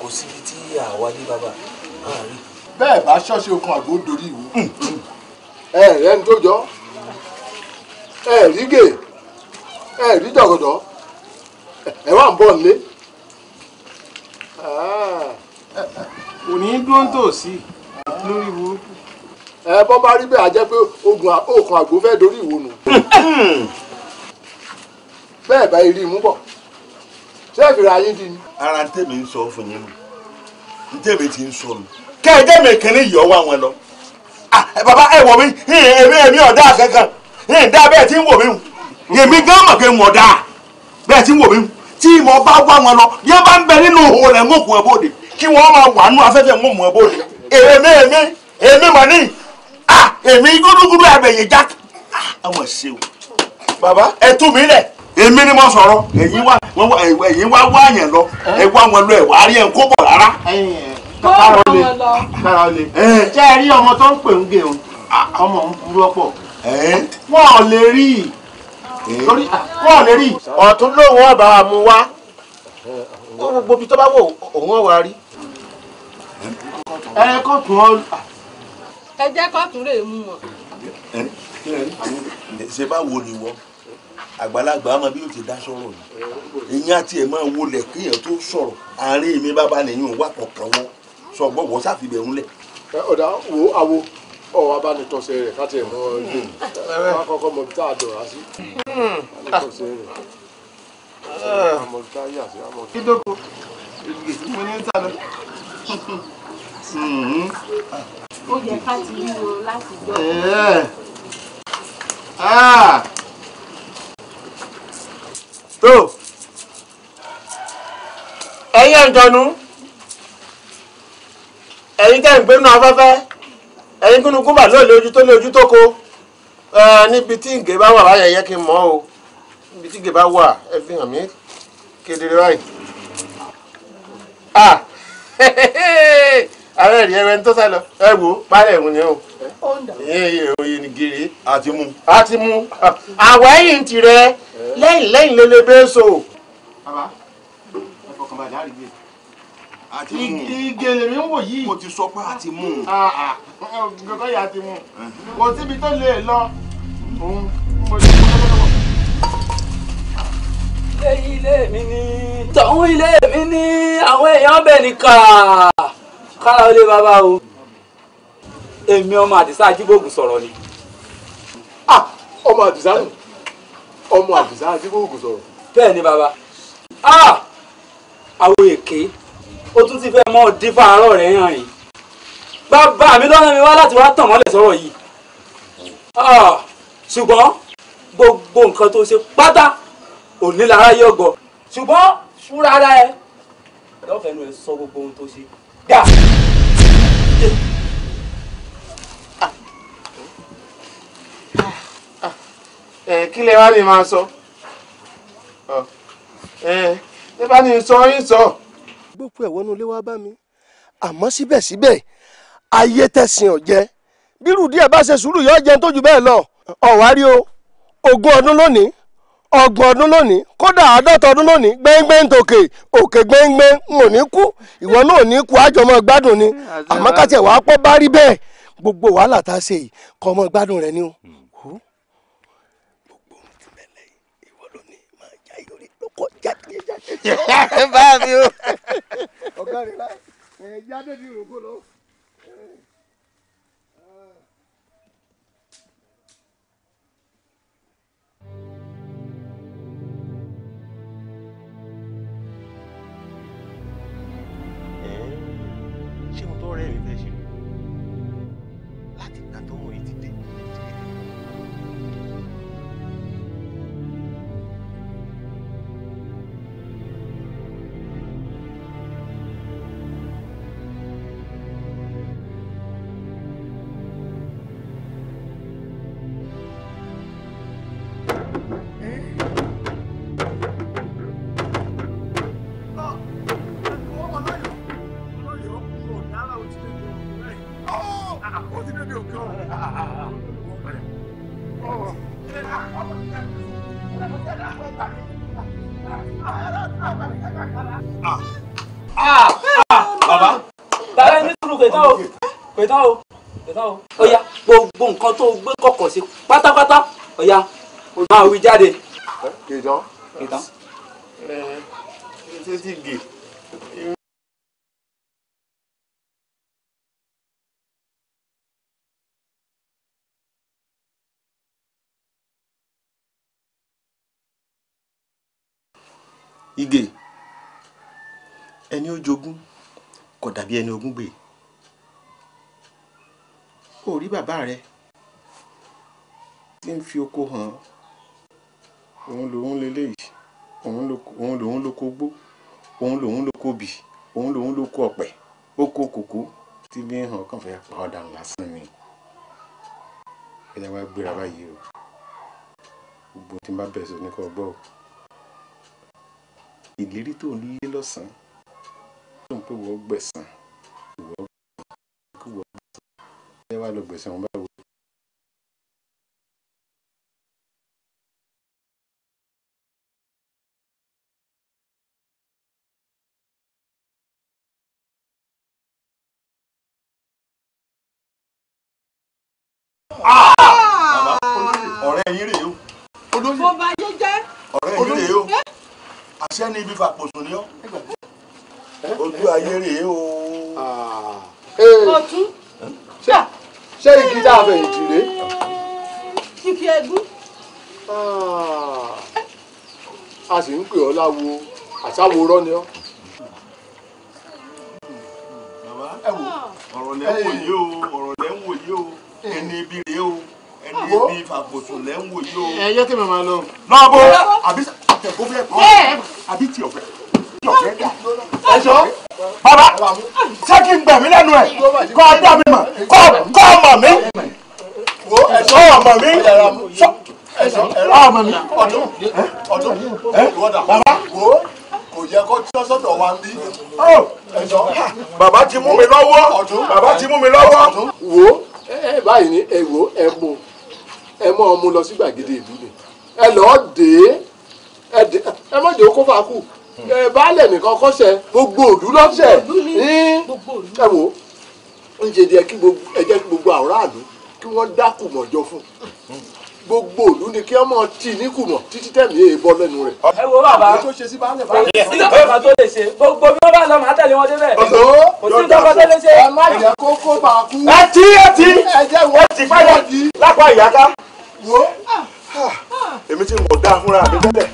kò síbi tí àwa dé bàbá bẹ́ẹ̀ bá ṣọ́ọ̀ṣì okan àgbo dorí ìwú. ẹ rẹ ń tó jọ ẹ rí gè ẹ rí jọgọdọ. ẹwà ń bọ̀ nílé. kò ní dúró ń tòsí lórí ẹ bọ́ bá rí bẹ́ẹ̀ á jẹ́ pé oògùn òòkan àgbo dorí ìwò nù. bẹ́ẹ̀ bá irí mú bọ̀ ṣé di ni. ara ń tèmi ń sọ fún yín ń ti ń sọ nù kẹ́ ẹ ọ̀dà tí ń mọ̀ pé bẹ́ẹ̀ tí ń m tí ìmọ̀ bá wá wọn lọ yẹn bá ń bẹ nínú òhò rẹ̀ mú òkun ẹ̀ kí wọ́n máa wà nú afẹ́fẹ́ mú òkun èmi èmi èmi ní à èmi gúdúgúdú àbẹ̀yẹ já ṣe o bàbá ẹ mi lẹ̀ èmi ni mo sọ̀rọ̀ ẹ̀yin wá ẹ̀yin wá wá lọ ẹ wá wọn lọ ẹ̀ rí ẹ̀ ń kó bọ̀ rárá. le ọmọ tó ń pè ń lórí ah, wọn lè rí ọ̀tún lóhùn ọ̀bà mu wá gbogbo ibi tó bá wò òun ọ̀wà rí ẹ kó tún ọ. Ah. ẹ jẹ́ kó tún lè mú wọn. ṣe bá wo ni wọ́n àgbàlagbà ọmọ bí o ti dá sọ̀rọ̀ yìí ìyẹn àti ẹ̀ máa wọlé kéèyàn tó sọ̀rọ̀ àárín mi bàbá nìyẹn wà kọ̀ọ̀kan wọn sọ gbọ́wọ́ sáfìbẹ̀ ńlẹ̀. ọ̀dà wo àwo ọ wa bá ní tọ́sẹ̀ rẹ̀ ká tiẹ̀ mọ hmm. ilé eh. wa kọ́kọ́ mọ ibi tá a dọ̀rọ̀ sí hmm. ní tọ́sẹ̀ rẹ̀ àmọ̀ eh. ibi tá a yà sí àmọ̀. ìdókò ìgbè mo ní sálọ. Hmm. ó yẹ ká ti wúwo láti gbọ́. Eh. Ah. tó ẹ̀yin ẹ̀jọ̀nù ẹ̀yin tẹ̀ ń gbénu afẹ́fẹ́ ẹ̀yin kúnnukún bà lóòlù ojú tó lójú tó ko níbi tí ìgè bá wà láyẹyẹ kí n mọ̀ o níbi tí ìgè bá wà ẹ fi hàn mí kedere báyìí. ààrẹ rí ẹwẹ ní tó sá lọ ẹ wò parẹ ẹ̀hún ni o ìyẹn ìyẹn òye ni gèrè. a ti mú. a ti mú àwa ẹ̀yìn tirẹ̀ lẹ́yìn lẹ́yìn lélẹbẹ so. bàbá ẹ fọkàn bá a dárí ìgèlè mi ń wò yìí. mo ti sọ pé a ti mú un. Ah, ah, ah, nǹkan tó yà á ti mú un. kò síbi tó lè lọ. òun mo ti mú lọ́wọ́. ilé ilé mi ni. tọ̀hún ilé mi ni àwọn èèyàn bẹ̀ ní kàá kára ó lé bàbá o. èmi ọmọ àdìsá ajíbòògùn sọ̀rọ̀ ni. ọmọ àdìsá nù ọmọ àdìsá ajíbòògùn sọ̀rọ̀. bẹ́ẹ̀ ni bàbá. àwọn èké o tún ti fẹ́ mọ́ dín fáàárọ̀ rẹ̀ hàn yìí bàbá mi lọ́nà mi wá láti wá tàn mọ́lẹ̀ sọ̀rọ̀ yìí ah, ṣùgbọ́n gbogbo nǹkan tó ṣe pátá òní lára yóò gọ̀ ṣùgbọ́n fúnra ara ẹ lọ́fẹ̀ẹ́ nu ẹ sọ gbogbo ohun tó ṣe gà. ẹ kí lè wá lè máa sọ ẹ bá ní sọ yín sọ gbópo ẹ̀wọ́nú ilé wá bá mi àmọ́ síbẹ̀síbẹ̀ ayé tẹ̀sìn ọ̀jẹ́ bírù díẹ̀ bá ṣe sùúrù yọ jẹun tó jù bẹ́ẹ̀ lọ ọ̀wárí o ogún ọdún lónìí ọgbọ̀n ọdún lónìí kódà àádọ́ta ọdún lónìí gbẹ́ngbẹ́ng tòkè òkè gbẹ́ngbẹ́ng n ò ní kú ìwọ náà ò ní kú àjọmọ́ gbádùn ni àmọ́ káṣẹ̀ wàá pọ́ bá rí bẹ́ẹ̀ gbogbo wàhálà tá a ṣe yìí kọ́ ọmọ gbádùn rẹ ni o. Hmm. gbogbo ohun tí bẹ́ẹ̀ bá mi o. ọ̀gá rẹ̀ la ẹ̀yà dédì rògbò lọ. ṣé mo tó rẹ́ mi fẹ́ ṣe láti gbà tó mọ yìí. pẹ̀tà o pẹ̀tà o ọ̀yà gbogbo nǹkan tó gbé kọ̀kọ̀ sí pátápátá ọ̀yà máa wí jáde. kìtàn kìtàn. ẹ ẹ ṣé ti gè. igè ẹni ó jogún kò dàbí ẹni ogún gbè kò rí bàbá rẹ tí ń fi oko hàn òun lòun leléyìí òun lòun lóko gbó òun lòun lóko bì òun lòun lóko ọ̀pẹ oko kòkó tí bí ń hàn kàn fẹ́ pa ọ́ dànù lásán ni ẹ jẹ́ wá gbéra báyìí o gbogbo tí n bá bẹ̀rẹ̀ sọ ní kò gbọ́ o ìlérí tó ń lé lọ́sàn-án tó ń pè wọ́n gbẹ̀sán. le ben, c'est gwese ọ́ láwo àtàwo rọ́ ni ọ́. bàbá ẹ ọ̀rọ̀ lẹ́ ń wò yìí o ọ̀rọ̀ lẹ́ ń wò yìí o ẹni ibi rèé o ẹni ibi ìfàkóso lẹ́ ń wò yìí o. ẹ yẹ kí mi máa lọ. lọ́bọ̀ àbí àtẹ̀kọ́ fẹ́ kọ́ àbí tí ọ̀fẹ́ tí ọ̀fẹ́ dà. ẹ jọ bàbá ṣé kí n gbà mí lẹ́nu ẹ̀ kọ́ ọ mi mọ̀ kọ́ ọ mọ̀ mí kọ́ ọ mí ọmọ mi ọdún ọdún bàbá wo kò yẹ kó tí ọsọdọ wa ń bí. Oh! bàbá ti mú mi lọ́wọ́ bàbá ti mú mi lọ́wọ́. wo ẹ eh, eh, báyìí ni ẹ eh, wo ẹ mú ẹ mọ ọmú lọ sí gbàgede ìlú ni ẹ lọ́ọ́ dé ẹ dé ẹ má dé okó fàákù ẹ hmm. baálẹ̀ nìkan kọ́sẹ̀ gbogbo òdú lọ́sẹ̀ ní ẹ wo ń ṣe di ẹ jẹ́ kí gbogbo àwòrán àlù kí wọ́n dákù mọ̀jọ fún un. Hmm gbogbo òlú ni kí ọmọ tì í níkùmọ̀ títí tẹ̀mí èè bọ́ lẹ́nu rẹ̀. ẹ wo bàbá tó ṣe sí báńdẹ̀ báńdẹ̀. èyí tó bàbá tó lè ṣe gbogbo bí wọ́n bá lọ màá tẹ̀lé wọn débẹ̀. òṣò òṣì tó bàbá tó lè ṣe. ẹ má jẹ́ kó kó kú. ẹ ti ẹ ti ẹ ti fáyà lápá ìyá ká. wo ah, ah. èmi ti mọ̀ dáa fúnra mi tẹ́lẹ̀.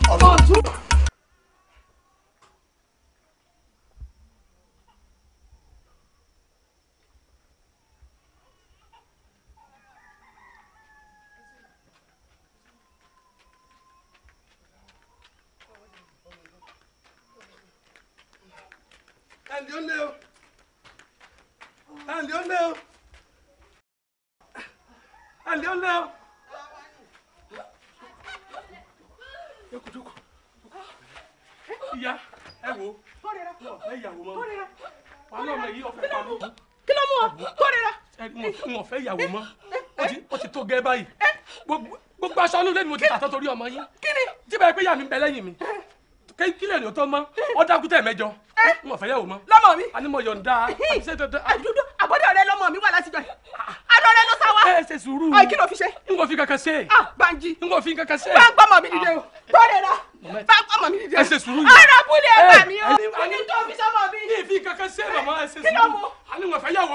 àǹdí Leo, lé o àǹdí ó lé o àǹdí ó lé o. jókòó jókòó ìyá ẹ wo ẹ yàwó mọ wàá náà mọ èyí ọ̀fẹ́ pa kí ló mú ọ kórira. ẹ n ò fẹ́ yàwó mọ́ ó ti tó gẹ́ báyìí gbogbo aṣọ ọlọ́run lẹ́nu mo ti tàtọ́ torí ọmọ yín. kí ni. tí bẹ́ẹ̀ pé yà mí lẹ́yìn mi kílẹ̀ ni o tọ́ mọ́ ọ dákútẹ́ mẹ́jọ n ò fẹ́ yàwó mọ́. lọ́mọ mi. a ní mo yọ̀ǹda àbíṣe dandan. àdúdú àbọ̀dẹ̀ ọ̀rẹ́ lọ́mọ mi wà láti jọ yìí. àlọ́ rẹ ló sá wa. ẹ ṣe sùúrù. ọ kí ló fi ṣe. n kò fi kankan ṣe. ah Banji. n kò fi kankan ṣe. bá a gbọ́ mọ̀ mi dìde o. bọ́ọ̀rẹ̀ ra. bá a gbọ́ mọ̀ mi dìde o. ẹ ṣe sùúrù yìí. ara kúlẹ̀ ẹ bà mí o. kí ni tó fi sọmọ mi. kí ni fi kankan ṣe màmá ẹ ṣe sùúrù. kí ló mú. a ní mo fẹ́ yàwó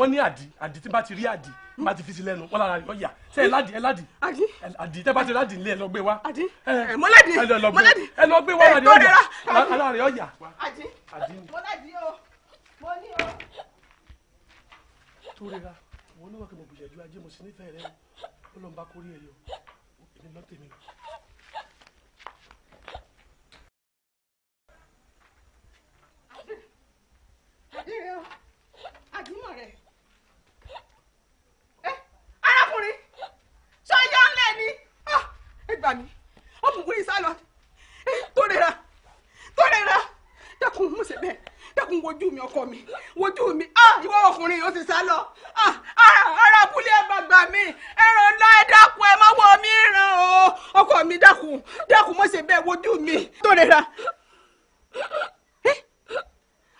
wọ́n ní àdì àdì tí bá ti rí àdì bá ti fi sí lẹ́nu wọ́n lára rẹ̀ ọ̀yà ṣe ẹ̀ládì ẹ̀ládì àdì tẹ́ bá ti ládì nílé ẹ̀ lọ gbé wa. àdì mọ́ládì mọ́ládì ẹ̀ lọ gbé wa àdì ọ̀yà ara rẹ̀ ọ̀yà. àdì mọ́ládì o mo ní o. tó rira wọn ní wọn kì í mọ gbìyànjú ajé mo sì nífẹ̀ẹ́ rẹ ó lọ ń bá kórè ẹ̀ yọ èmi lọ tèmi lọ. àdì rẹ o àdì mọ̀ rẹ̀. gbà mí ọmọwé ìsálọ tó rẹra tó rẹra dẹ́kun mú sí bẹ́ẹ̀ dẹ́kun wojú mi ọkọ mi wojú mi ah ìwọ ọkùnrin yóò ti sá lọ ah ara abúlé ẹ gbàgbà mi ẹran ńlá ẹ dákun ẹ má wọ mí ràn o ọkọ mi dákun dákun mú sí bẹ́ẹ̀ wojú mi tó rẹra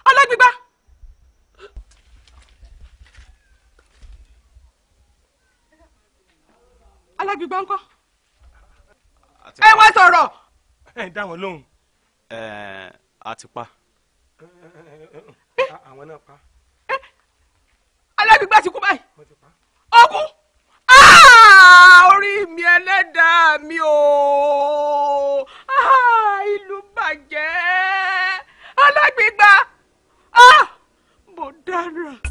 alágbègbà. alágbègbà ńkọ́ ẹ wá sọ̀rọ̀. ẹ dá wọn lóhùn. ẹ a ti pa. àwọn náà pa. alábìgbà ti kú báyìí. ogun orí mi ẹlẹ́dàá mi o ìlú bàjẹ́ alágbègbà mo dára.